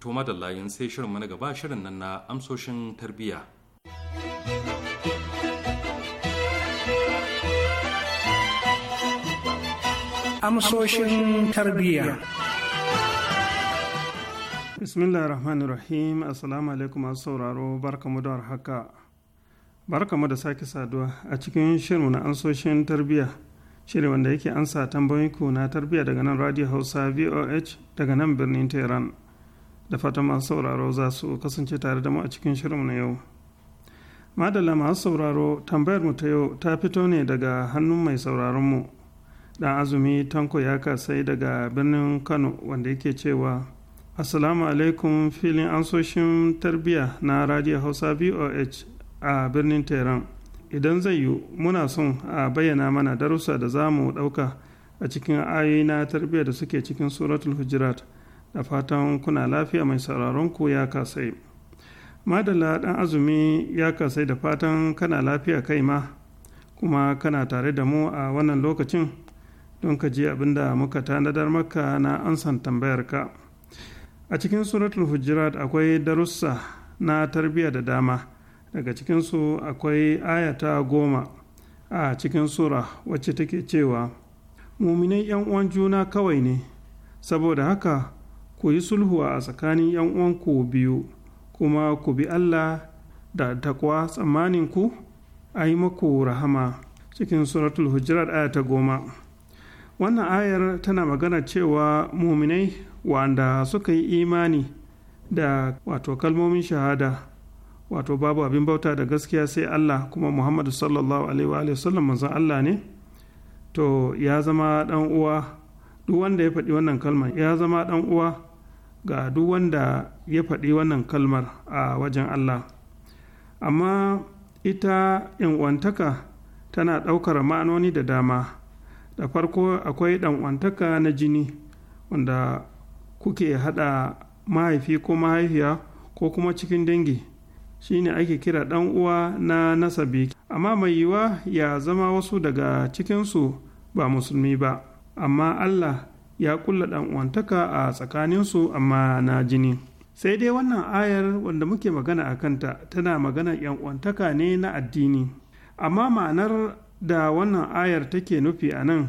to madalla layin sai shirin mana gaba shirin nan na amsoshin tarbiyya amsoshin tarbiyya bismillah rahman rahim assalamu alaikum masu sauraro barkamu da warhaka barkamu da sake saduwa a cikin shirin na amsoshin tarbiyya shirin wanda yake ansa tambayoyinku na tarbiyya daga nan radio hausa voh daga nan birnin tehran da fatan masu sauraro za su kasance tare da mu a cikin shirinmu na yau madalla masu sauraro tambayar mu ta yau ta fito ne daga hannun mai sauraron mu dan azumi tanko ya kasai daga birnin kano wanda yake cewa assalamu alaikum filin ansoshin tarbiyya na radio hausa voh a birnin tehran idan zai yiwu muna son a bayyana mana darussa da za mu ɗauka a cikin ayoyi na tarbiyya da suke cikin suratul hujurat da fatan kuna lafiya mai sauraron ku ya kasai madalla dan azumi ya kasai da fatan kana lafiya kai ma kuma kana tare da mu a wannan lokacin don ka ji abin da muka tanadar maka na ansan tambayarka a cikin suratul hujurat akwai darussa na tarbiyya da dama daga cikinsu akwai ayata goma a cikin sura wacce take cewa muminai 'yan uwan juna kawai ne saboda haka ku yi sulhu a tsakanin ‘yan uwanku biyu kuma ku bi Allah da takwa tsammanin ku a yi maku rahama cikin suratul hujurat aya ta goma wannan ayar tana magana cewa muminai wanda suka yi imani da wato kalmomin shahada wato babu abin bauta da gaskiya sai Allah kuma Muhammadu sallallahu alaihi wa sallam manzon Allah ne to ya zama dan uwa duk wanda ya faɗi wannan kalmar ya zama dan uwa ga duk wanda ya faɗi wannan kalmar a wajen Allah amma ita uwantaka tana ɗaukar ma'anoni da dama da farko akwai ɗan'uwantaka na jini wanda kuke haɗa mahaifi ko mahaifiya ko kuma cikin dangi shine ake kira ɗan uwa na nasabi amma mai yiwa ya zama wasu daga cikinsu ba musulmi ba amma Allah ya kulla ɗan uwantaka a tsakaninsu amma na jini sai dai wannan ayar wanda muke magana a kanta tana magana yan uwantaka ne na addini amma ma'anar da wannan ayar take nufi a nan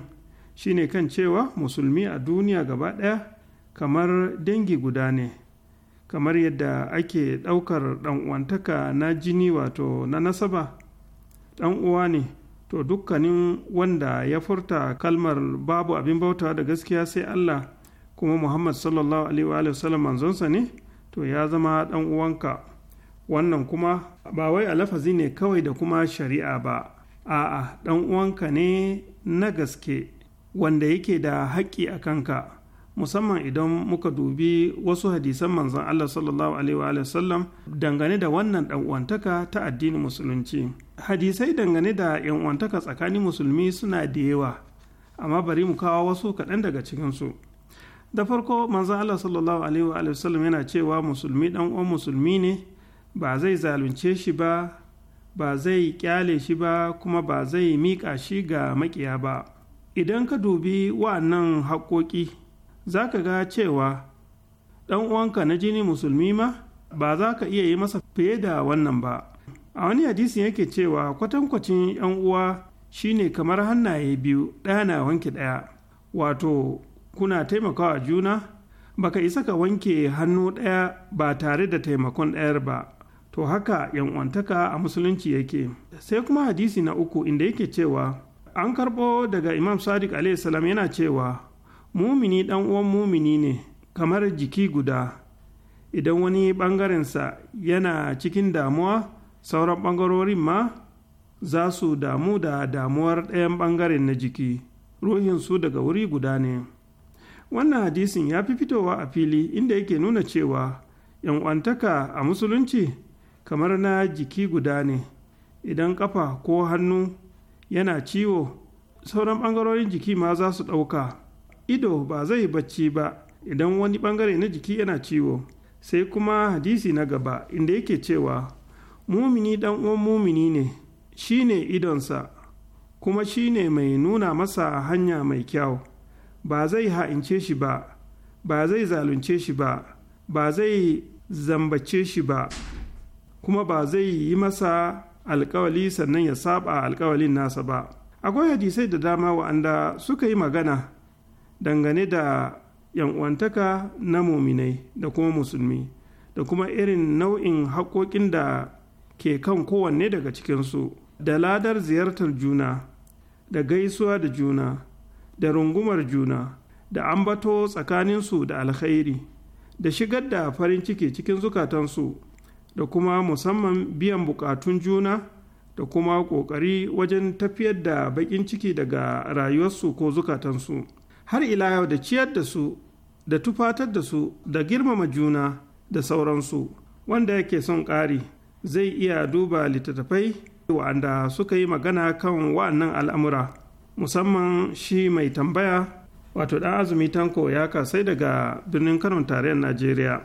shine kan cewa musulmi a duniya gaba ɗaya kamar dangi guda ne kamar yadda ake ɗaukar uwantaka na jini wato na nasaba ɗan uwa ne to dukkanin wanda ya furta kalmar babu abin bauta da gaskiya sai Allah kuma Muhammad sallallahu alaihi wa sallam manzonsa ne to ya zama dan uwanka wannan kuma ba wai a lafazi ne kawai da kuma shari'a ba a'a dan uwanka ne na gaske wanda yake da haƙƙi a kanka musamman idan muka dubi wasu hadisan manzon Allah sallallahu alaihi sallam dangane da wannan ɗan'uwantaka ta addinin musulunci hadisai dangane da ‘yan'uwantaka tsakanin musulmi suna da yawa amma bari mu kawo wasu kaɗan daga cikinsu da farko manzon Allah sallallahu alaihi sallam yana cewa musulmi ɗan uwan musulmi ne ba zai zalunce shi ba ba zai kyale shi ba kuma ba zai miƙa shi ga maƙiya ba idan ka dubi wa'annan haƙoƙi za ka ga cewa ɗan uwanka na jini musulmi ma ba za ka iya yi masa fiye da wannan ba a wani hadisin yake cewa kwatankwacin yan uwa shine kamar hannaye biyu ɗaya na wanke ɗaya wato kuna taimakawa juna baka isa ka wanke hannu ɗaya ba tare da taimakon ɗayar ba to haka yan'uwantaka a musulunci yake sai kuma hadisi na uku inda yake cewa an karɓo daga imam sadiq salam yana cewa mumini ɗan uwan mumini ne kamar jiki guda idan wani ɓangarensa yana cikin damuwa sauran ɓangarorin ma za su damu da damuwar ɗayan ɓangaren na jiki ruhinsu daga wuri guda ne wannan hadisin ya fi fitowa a fili inda yake nuna cewa yan'uwantaka a musulunci kamar na jiki guda ne idan ƙafa ko hannu yana ciwo sauran ɓangarorin jiki ma za su ɗauka ido ba zai bacci ba idan wani bangare na jiki yana ciwo sai kuma hadisi na gaba inda yake cewa mumini dan uwan mumini ne shi shine idonsa kuma shi ne mai nuna masa hanya mai kyau ba zai ha'ince shi ba ba zai zalunce shi ba ba zai zambace shi ba kuma ba zai yi masa alkawali sannan ya saba alkawalin nasa ba akwai hadisai da dama wa'anda suka yi magana dangane da yan'uwantaka na muminai da kuma musulmi da kuma irin nau'in haƙoƙin da ke kan kowanne daga cikinsu da ladar ziyartar juna da gaisuwa da juna da rungumar juna da ambato tsakaninsu da alkhairi da shigar da farin ciki cikin zukatansu da kuma musamman biyan bukatun juna da kuma ƙoƙari wajen tafiyar da baƙin ciki daga rayuwarsu ko zukatansu. har ila yau da ciyar da su da tufatar da su da girmama juna da sauransu wanda yake son ƙari zai iya duba littattafai wa'anda suka yi magana kan wa'annan al'amura musamman shi mai tambaya wato ɗan azumi tanko ya kasai daga birnin kanon tarayyar najeriya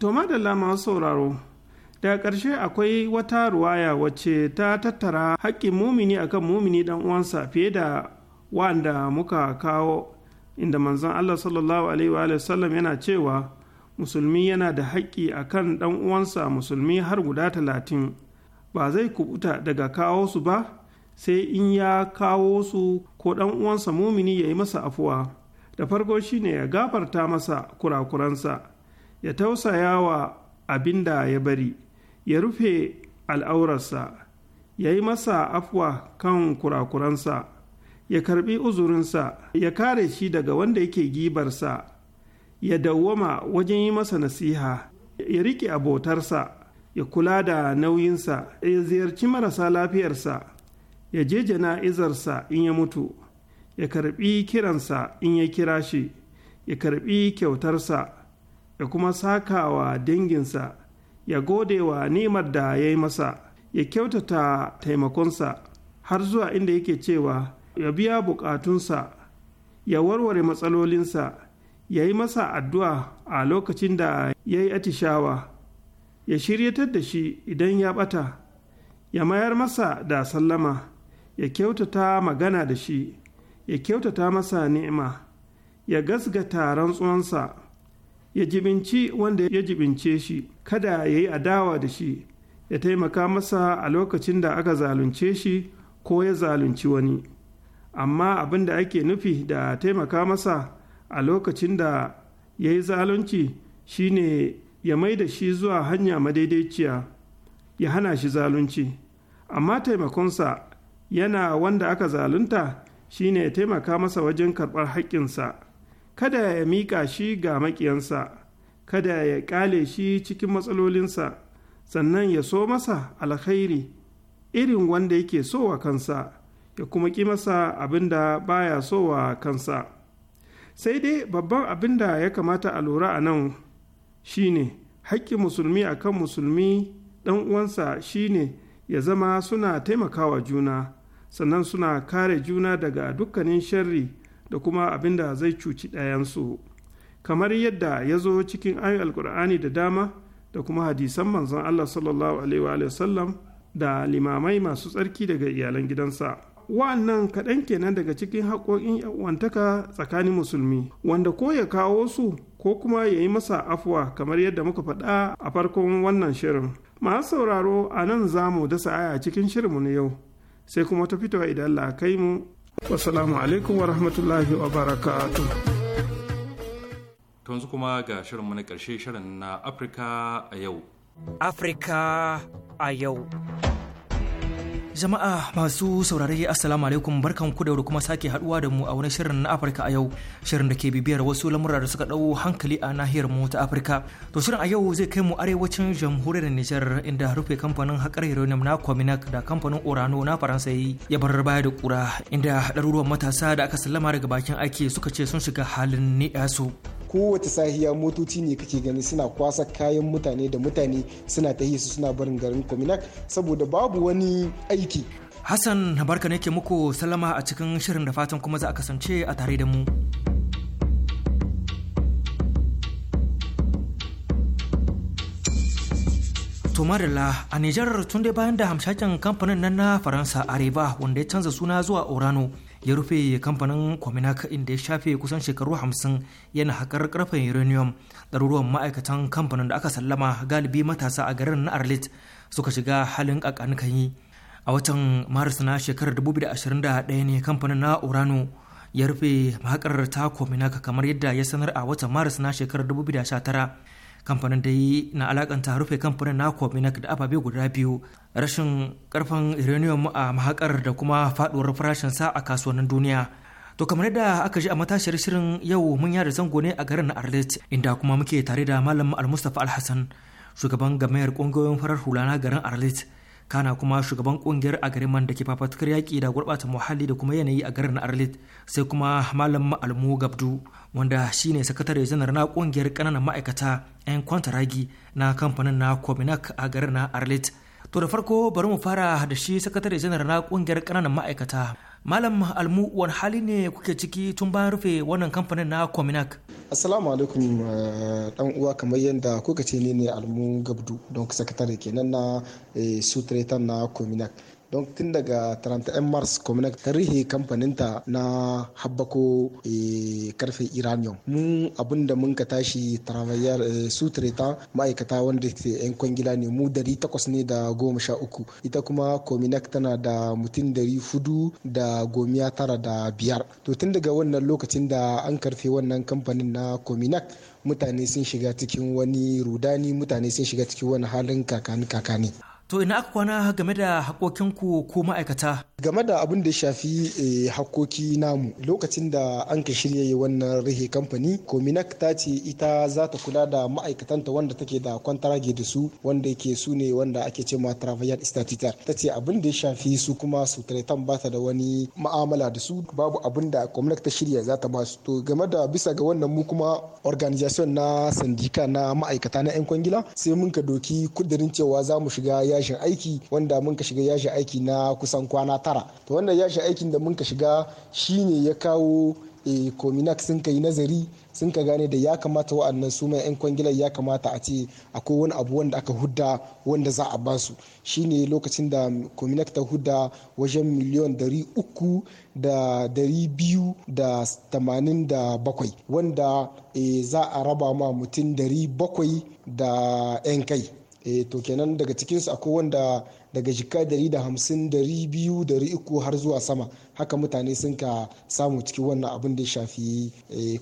to madalla masu sauraro daga ƙarshe akwai wata ruwaya wacce ta tattara haƙƙin mumini akan mumini ɗan uwansa fiye da wanda muka kawo inda manzon Allah sallallahu alaihi wa sallam yana cewa musulmi yana da haƙƙi akan ɗan uwansa musulmi har guda talatin ba zai kubuta daga kawo su ba sai in ya kawo su ko ɗan uwansa mumini ya yi masa afuwa da farko shine ya gafarta masa kurakuransa ya tausaya wa abin da ya bari ya rufe al'aurarsa ya yi masa afwa kan kurakuransa ya karbi uzurinsa ya kare shi daga wanda yake gibarsa ya dawwama wajen yi masa nasiha ya rike abotarsa ya kula da nauyinsa ya ziyarci marasa lafiyarsa ya je jana'izarsa in ya mutu ya karbi kiransa in ya kira shi ya karbi kyautarsa da kuma sakawa danginsa ya gode wa nimar da ya yi masa ya kyautata taimakonsa har zuwa inda yake cewa ya biya bukatunsa ya warware matsalolinsa ya yi masa addu'a a lokacin da ya yi atishawa ya shiryatar da shi idan ya bata ya mayar masa da sallama ya kyautata magana da shi ya kyautata masa ni'ima ya gasgata rantsuwansa ya jibinci wanda ya jibince shi kada ya yi adawa da shi ya taimaka masa a lokacin da aka zalunce shi ko ya zalunci wani amma abin da ake nufi da taimaka masa a lokacin da ya yi zalunci shine ya mai da shi zuwa hanya madaidaiciya ya hana shi zalunci amma taimakonsa yana wanda aka zalunta shine ya taimaka masa wajen karɓar haƙƙinsa kada ya miƙa shi ga maƙiyansa kada ya ƙale shi cikin matsalolinsa sannan ya so masa alkhairi irin wanda yake so wa kansa ya kuma ƙi masa abin da baya so wa kansa sai dai babban abin da ya kamata a lura a nan shine haƙƙin musulmi a kan musulmi ɗan uwansa ne ya zama suna taimakawa juna sannan suna kare juna daga dukkanin sharri da kuma abin da zai cuci ɗayansu kamar yadda ya zo cikin ayoyin alkur'ani da dama da kuma hadisan manzon Allah sallallahu alaihi wa da limamai masu tsarki daga iyalan gidansa wa'annan kaɗan kenan daga cikin haƙoƙin wantaka tsakanin musulmi wanda ko ya kawo su ko kuma ya yi masa afuwa kamar yadda muka faɗa a farkon wannan shirin masu sauraro a nan za mu dasa aya cikin shirinmu na yau sai kuma ta fitowa idan la kai mu Wassalamu alaikum wa rahmatullahi wa barakatu. yanzu kuma ga shirinmu na ƙarshe shirin na Afirka a yau. Afirka a yau. Jama'a masu saurari Assalamu alaikum barkanku da kuma sake haduwa da mu a wani shirin na Afirka a yau shirin da ke bibiyar wasu lamura da suka dau hankali a nahiyar mu ta Afirka. To shirin a yau zai kai mu arewacin jamhuriyar Nijar inda rufe kamfanin haƙar uranium na Cominac da kamfanin Orano na Faransa ya bar baya da kura inda ɗaruruwan matasa da aka sallama daga bakin aiki suka ce sun shiga halin su. kowace sahiya motoci ne kake gani suna kwasa kayan mutane da mutane suna tahi su suna barin garin kwaminak saboda babu wani aiki Hassan barka ne ke muku sallama a cikin shirin da fatan kuma za a kasance a tare da mu. To a Nijar tun dai bayan da hamshakin kamfanin nan na Faransa Areba wanda ya canza suna zuwa Orano ya rufe kamfanin Cominac inda ya shafe kusan shekaru hamsin yana haƙar ƙarfen uranium ɗaruruwan ma'aikatan kamfanin da aka sallama galibi matasa a garin na Arlit suka shiga halin ƙaƙanikan a watan maris na shekarar 2021 ne kamfanin na urano ya rufe mahakar ta kominaka kamar yadda ya sanar a watan maris na shekarar 2019 kamfanin dai na alakanta rufe kamfanin na kominak da ababe guda biyu rashin karfin uranium a mahakar da kuma faduwar farashin sa a kasuwannin duniya to kamar yadda aka ji a matashiyar shirin yau mun yada zango ne a garin na arlet inda kuma muke tare da malam al mustafa al-hassan shugaban gamayar kungiyoyin farar hula na garin arlet kana kuma shugaban kungiyar a garin man da ke fafatukar yaƙi da gurɓata muhalli da kuma yanayi a garin arlit sai kuma malam ma'almu gabdu wanda shine sakatare janar na kungiyar ƙananan ma'aikata 'yan kwantaragi na kamfanin na kominak a garin na arlit to da farko bari mu fara da shi sakatare janar na kungiyar ƙananan ma'aikata Malam Almu wani hali ne kuke ciki tun bayan rufe wannan kamfanin na Cominac? Assalamu alaikum eh, dan uwa kamar yadda kuka ce ne Almu Gabdu don sakatare kenan na eh, Sutretan na Cominac. don tun daga 31 mars kuma ta rihe kamfaninta na habbako eh, karfe iranium mun abin da mun ka tashi travayar eh, su ma'aikata wanda ke yan kwangila ne mu dari takwas ne da goma sha uku ita kuma kominak tana da mutum dari fudu da gomiya tara da biyar to tun daga wannan lokacin da an karfe wannan kamfanin na kominak mutane sun shiga cikin wani rudani mutane sun shiga cikin wani halin kakani kakani To ina aka kwana game da hakokinku ko ma'aikata? Game da abin da shafi eh, hakoki namu lokacin da an ka shirya wannan rihe kamfani, Kominak ta ce ita za ta kula da ma'aikatanta wanda take da kwantarage da su wanda ke su ne wanda ake ce ma travailleur statutaire. Ta ce abin da ya shafi su kuma su tretan ba ta da wani ma'amala da su babu abin da Kominak ta shirya za ta ba su. To game da bisa ga wannan mu kuma organization na sandika na ma'aikata na 'yan kwangila sai mun ka doki kudirin cewa za mu shiga ya yashin aiki wanda mun ka shiga yashin aiki na kusan kwana tara to wannan yashin aikin da mun ka shiga shine ya kawo e eh, kominak sun ka yi nazari sun ka gane da ya kamata wa'annan su mai 'yan kwangilar ya kamata a ce akwai wani abu wanda aka hudda wanda za a ba su shine lokacin da kominak ta hudda wajen miliyon dari uku da dari biyu da tamanin da bakwai wanda e, za a raba ma mutum dari bakwai da 'yan kai e to kenan daga cikinsu akwai wanda daga jika dari da hamsin dari biyu dari uku har zuwa sama haka mutane sun ka samu cikin wannan abin da ya shafi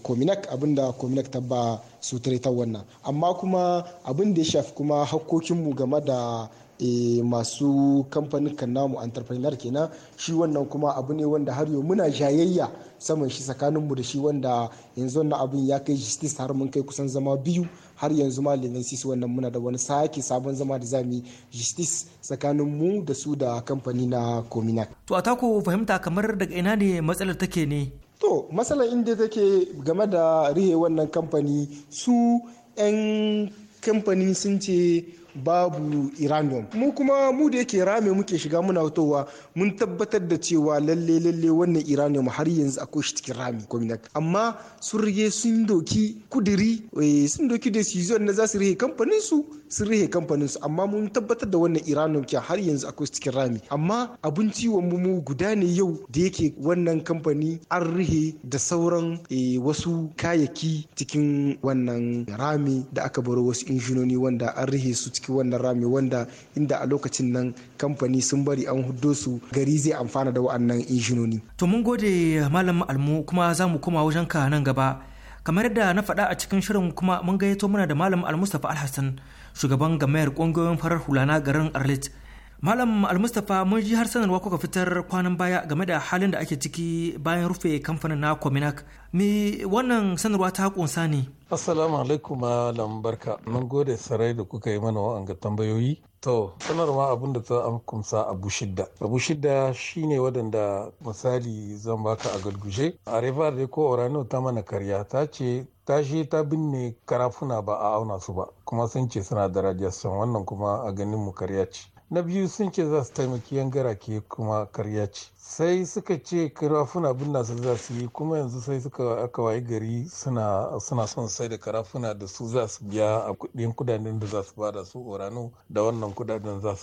kominak eh, abin da kominak ta ba su ta wannan amma kuma abin da ya shafi kuma hakkokinmu game da e, masu kamfanin kan namu entrepreneur kenan shi wannan kuma abu ne wanda har yau muna jayayya saman shi tsakaninmu da shi wanda yanzu wannan abin ya kai justice har mun kai kusan zama biyu har yanzu ma lenin sisi wannan muna da wani sake sabon zama da zami justice tsakanin mu da su da kamfani na Kominat. to a tako fahimta kamar daga ina ne matsalar take ne to matsalar inda take game da rihe wannan kamfani su 'yan kamfani sun ce babu iranium mu kuma mu da yake rame muke shiga muna fitowa mun tabbatar da cewa lalle lalle wannan iranium har yanzu akwai shi cikin rami gwamnati amma sun rige sun doki kudiri eh, sun doki da su na za su rihe kamfanin su sun rihe kamfanin su amma mun tabbatar da wannan iranium ke har yanzu akwai shi cikin rami amma abin ciwon mu mu guda ne yau da yake wannan kamfani an rihe da sauran eh, wasu kayayyaki cikin wannan rami da aka baro wasu injinoni wanda an rihe su cikin cikin wannan rami wanda inda a lokacin nan kamfani sun bari an huddo su gari zai amfana da wa'annan injinoni. To mun gode malam almu kuma za mu koma wajen ka nan gaba. Kamar yadda na faɗa a cikin shirin kuma mun gayyato muna da malam almustapha alhassan shugaban gamayar ƙungiyoyin farar hula na garin Arlit Malam Almustapha mun ji har sanarwa kuka fitar kwanan baya game da halin da ake ciki bayan rufe kamfanin na Cominac. Me wannan sanarwa ta kunsa ne? Assalamu alaikum malam barka. Mun gode sarai da kuka yi mana wa'anga tambayoyi. To, sanarwa abin da ta amkumsa abu shidda. Abu shidda shine waɗanda misali zan baka a galgushe. A da ko Orano ta mana karya ta ce ta shi ta binne karafuna ba a auna su ba kuma sun ce suna da radiation wannan kuma a ganin mu karya ce na biyu sun ce za su taimaki yan garake kuma karya ce sai suka ce karafuna abin nasu za su yi kuma yanzu sai suka aka wayi gari suna suna son sai da karafuna da su za su biya a kudin kudaden da za su ba da su orano da wannan kudaden za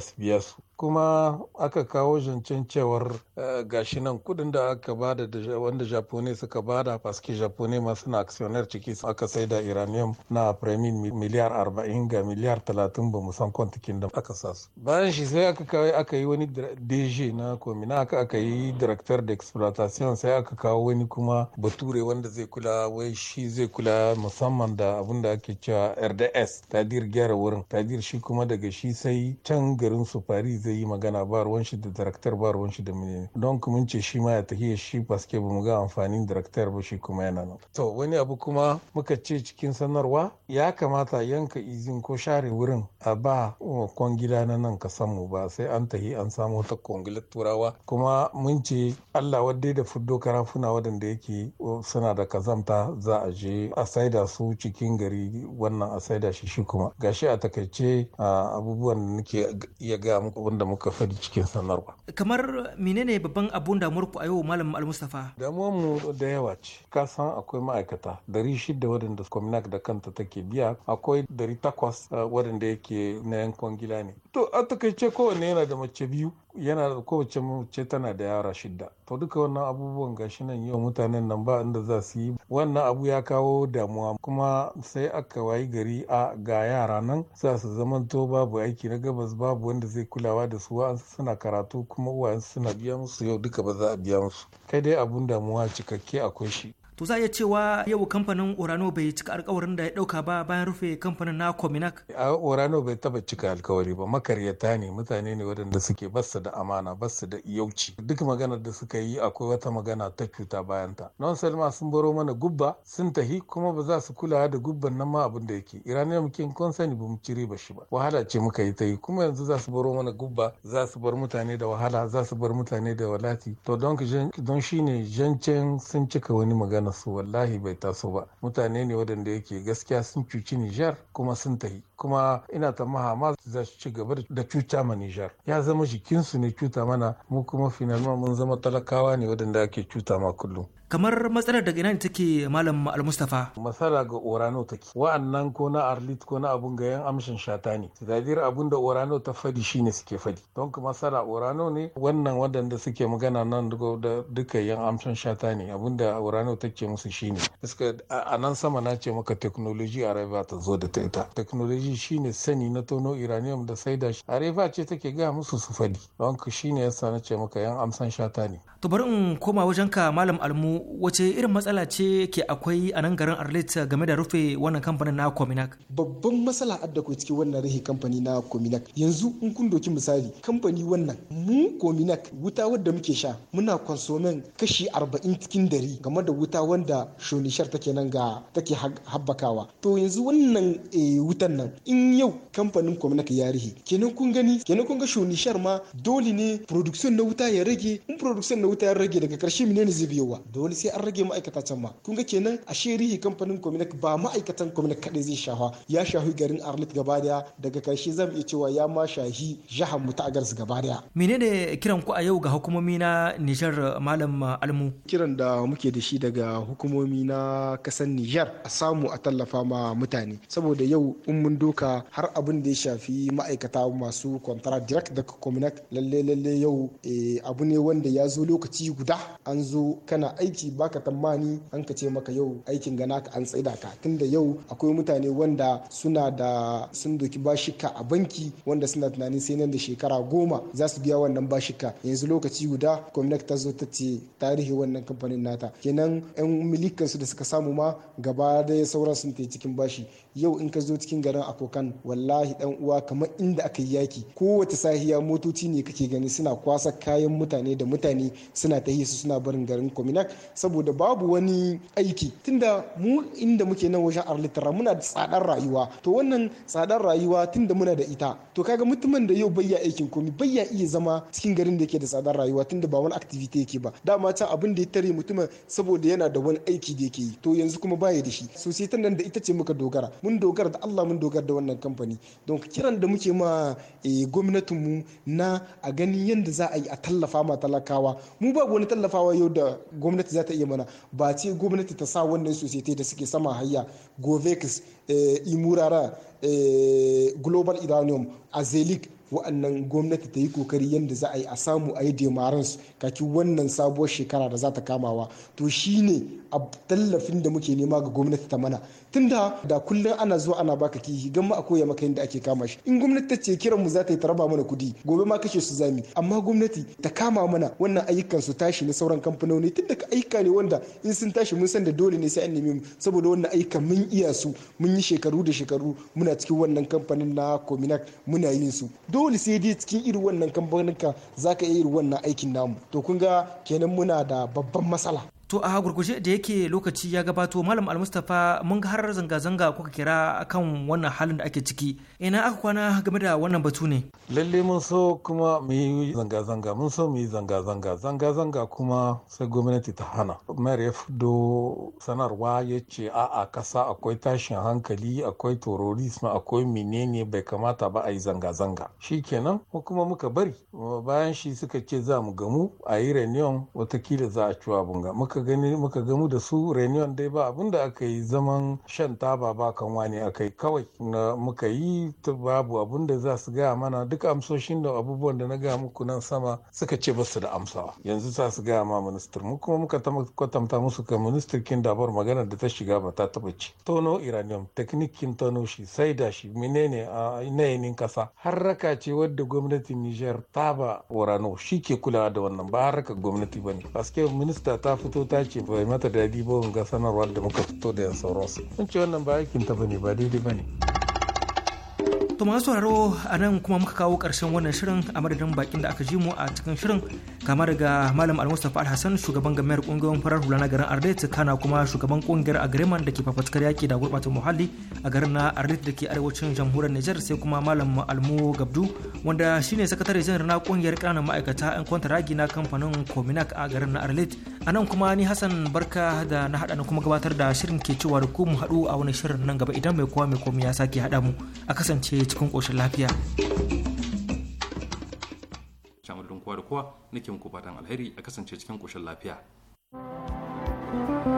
su biya su kuma aka kawo zancen cewar eh, gashi nan kudin da aka ba da wanda japone suka da paske japone ma suna aksiyonar ciki su. aka sai da iranium na premin miliyar 40 ga miliyar 30 ba mu kwantikin da aka sa su bayan shi sai aka kawai aka yi wani dj na komi mina aka aka yi director da exploitation sai aka kawo wani kuma bature wanda zai kula wai shi zai kula musamman da abin da ake cewa rds tadir gyara wurin tadir shi kuma daga shi sai can garin su fari zai yi magana ba ruwan shi da director ba ruwan shi da mene don kuma ce shi ma ya tafi shi paske ba mu ga amfanin director ba shi kuma yana nan to wani abu kuma muka ce cikin sanarwa ya kamata yanka izin ko share wurin a ba kwangila na nan ka samu ba sai an tahi an samu ta kwangilar turawa kuma mun ce allah wadda da fuddo karafuna wadanda yake suna da kazamta za a je a saida su cikin gari wannan a saida shi shi kuma gashi a takaice abubuwan da nake iya ga muku wanda muka fadi cikin sanarwa kamar menene babban abun damuwar ku a yau malam al-mustafa mu da yawa ce ka san akwai ma'aikata dari shida wadanda kominak da kanta take biya akwai dari takwas wadanda yake na yankon gila ne to a takaice kowanne yana da mace biyu yana da kowace mace tana da yara shida to duka wannan abubuwan gashi nan yau mutanen nan ba inda za su yi wannan abu ya kawo damuwa kuma sai aka wayi gari a ga yara nan za su zamanto babu aiki na gabas babu wanda zai kulawa da su wa suna karatu kuma uwayen suna biya musu yau duka ba za a biya musu kai dai abun damuwa cikakke akwai shi to za a iya cewa yau kamfanin orano bai cika alkawarin da ya dauka ba bayan rufe kamfanin na cominac a orano bai taba cika alkawari ba makaryata ne mutane ne wadanda suke basu da amana basu da yauci duk maganar da suka yi akwai wata magana ta cuta bayan ta non salma sun baro mana gubba sun tahi kuma ba za su kula da gubban nan ma abin da yake iranian kin kun sani ba mu cire ba shi ba wahala ce muka yi ta yi kuma yanzu za su baro mana gubba za su bar mutane da wahala za su bar mutane da walati to don shi ne jancen sun cika wani magana nasu su wallahi bai taso ba mutane ne waɗanda yake gaskiya sun cuci nijar kuma sun tahi kuma ina ta maha ma za su ci gaba da cuta ma nijar ya zama jikinsu ne cuta mana mu kuma finalma mun zama talakawa ne waɗanda ake cuta ma kullum kamar matsalar daga ina take malam al-mustafa matsala ga orano take wa'annan ko na arlit ko na abun ga yan amshin shata ne tadadir abun da orano ta fadi shine suke fadi don kuma matsala orano ne wannan wadanda suke magana nan da duka yan amshin shata ne abun da orano take musu shine suka a nan sama na ce maka technology areva ta zo da ta ita technology shine sani na tono iranium da saida shi areva ce take ga musu su fadi don shine yasa na ce maka yan amsan shata ne to bari in koma wajenka malam almu wace irin matsala ce ke akwai a nan garin Arlit game da rufe wannan kamfanin na Cominac? Babban matsala adda ku cikin wannan rufe kamfani na Cominac. Yanzu in kun doki misali kamfani wannan mu Cominac wuta wadda muke sha muna konsomen kashi arba'in cikin dari game da wuta wanda shonishar take nan ga take habbakawa. To yanzu wannan eh, wutan nan in yau kamfanin kominak ya rufe kenan kun gani kenan kun ga shonishar ma dole ne production na wuta ya rage in production na wuta ya rage daga karshe menene zai biyowa. dole sai an rage ma'aikata can ma kun ga kenan a sherihi kamfanin kominak ba ma'aikatan kominak kadai zai shafa ya shafi garin Arlit gaba daya daga karshe zan iya cewa ya ma shahi jihar mu ta Agars gaba daya menene kiran ku a yau ga hukumomi na Nijar Malam Almu kiran da muke da shi daga hukumomi na kasan Nijar a samu a tallafa ma mutane saboda yau in mun doka har abin da ya shafi ma'aikata masu kwantara direct da kominak lalle lalle yau eh, abu ne wanda ya zo lokaci guda an zo kana aiki aiki baka tammani an ka ce maka yau aikin gana ka an tsaida ka tunda yau akwai mutane wanda suna da sun doki bashika a banki wanda suna tunanin sai nan da shekara goma za su biya wannan bashika yanzu lokaci guda gwamnati ta zo ta ce tarihi wannan kamfanin nata kenan yan milikarsu da suka samu ma gaba da sauran sun ta cikin bashi yau in ka zo cikin garin akokan wallahi dan uwa kamar inda aka yi yaki kowace sahiya motoci ne kake gani suna kwasa kayan mutane da mutane suna ta su suna barin garin kominak saboda babu wani aiki tunda mu inda muke nan wajen arlitara muna da tsadar rayuwa to wannan tsadar rayuwa tunda muna da ita to kaga mutumin da yau bayya aikin komi bayya iya zama cikin garin da yake da tsadar rayuwa tunda ba wani activity yake ba dama can abin da ya tare mutumin saboda yana da wani aiki da yake yi to yanzu kuma baya da shi sosai nan da ita ce muka dogara mun dogara da Allah mun dogara da wannan kamfani don kiran da muke ma eh, gwamnatinmu na a ganin yadda za a yi a tallafa ma talakawa mu ba wani tallafawa yau da gwamnati za ta iya mana ba ce gwamnati ta sa wannan society da suke sama hayya govex eh, imurara eh, global iranium azelic wa'annan gwamnati ta yi kokari yadda za a yi a samu a yi demarans kaki wannan sabuwar shekara da za ta kamawa to shi ne a tallafin da muke nema ga gwamnati ta mana tunda da kullum ana zuwa ana baka kihi gan ma a koya maka yadda ake kama shi in gwamnati ta ce kiran mu za ta yi ta raba mana kudi gobe ma kashe su zami amma gwamnati ta kama mana wannan ayyukan su tashi na sauran kamfanoni tunda ka ayyuka ne wanda in sun tashi mun san da dole ne sai an nemi mu saboda wannan ayyukan mun iya su mun yi shekaru da shekaru muna cikin wannan kamfanin na Cominac muna yin su dole dole sai dai cikin irin wannan kamfanin za zaka iya irin wannan aikin namu to kun ga kenan muna da babban matsala to a gurguje da yake lokaci ya gabato malam almustapha mun ga har zanga-zanga kuka kira kan wannan halin da ake ciki ina aka kwana game da wannan batu ne lalle mun so kuma mu yi zanga-zanga mun so mu yi zanga-zanga zanga-zanga kuma sai gwamnati ta hana mayar ya fudo sanarwa ya ce a'a kasa akwai tashin hankali akwai terrorism akwai menene bai kamata ba a yi zanga-zanga shikenan ko kuma muka bari bayan shi suka ce za mu gamu a yi reunion watakila za a ci abun muka muka gani muka gamu da su reunion dai ba abinda da aka yi zaman shan taba ba kan wani aka yi kawai na muka yi babu abinda za su gaya mana duk amsoshin da abubuwan da na gaya muku nan sama suka ce basu da amsawa yanzu za su gaya ma minister mu kuma muka kwatanta musu ka minister kin dabar magana da ta shiga ba ta taba ci tono iranium kin tono shi sai da shi menene a yanayin kasa harraka ce wadda gwamnatin niger ta ba orano shi ke kulawa da wannan ba harraka gwamnati bane ne paske minista ta fito ta ce bai mata daɗi ba ga sanarwar da muka fito da yan sauransu. Sun ce wannan ba aikin ta bane ba daidai bane. To masu sauraro a nan kuma muka kawo ƙarshen wannan shirin a madadin bakin da aka ji mu a cikin shirin kama daga Malam Al-Mustapha Al-Hassan shugaban gamayar ƙungiyoyin farar hula na garin arlet kana kuma shugaban kungiyar Agreement da ke fafatkar yaki da gurbatar muhalli a garin na Arlit da ke arewacin jamhuriyar Nijar sai kuma Malam Almu Gabdu wanda shine sakatare janar na kungiyar ƙananan ma'aikata 'yan kwantaragi na kamfanin Cominac a garin na Arlit. A nan kuma ni Hassan Barka da na haɗa na kuma gabatar da shirin ke cewa da ku mu haɗu a wani shirin nan gaba idan mai kowa mai komai ya sake haɗa mu a kasance cikin ƙoshin lafiya. Shamadun kowa da kowa nake muku fatan alheri a kasance cikin ƙoshin lafiya. thank you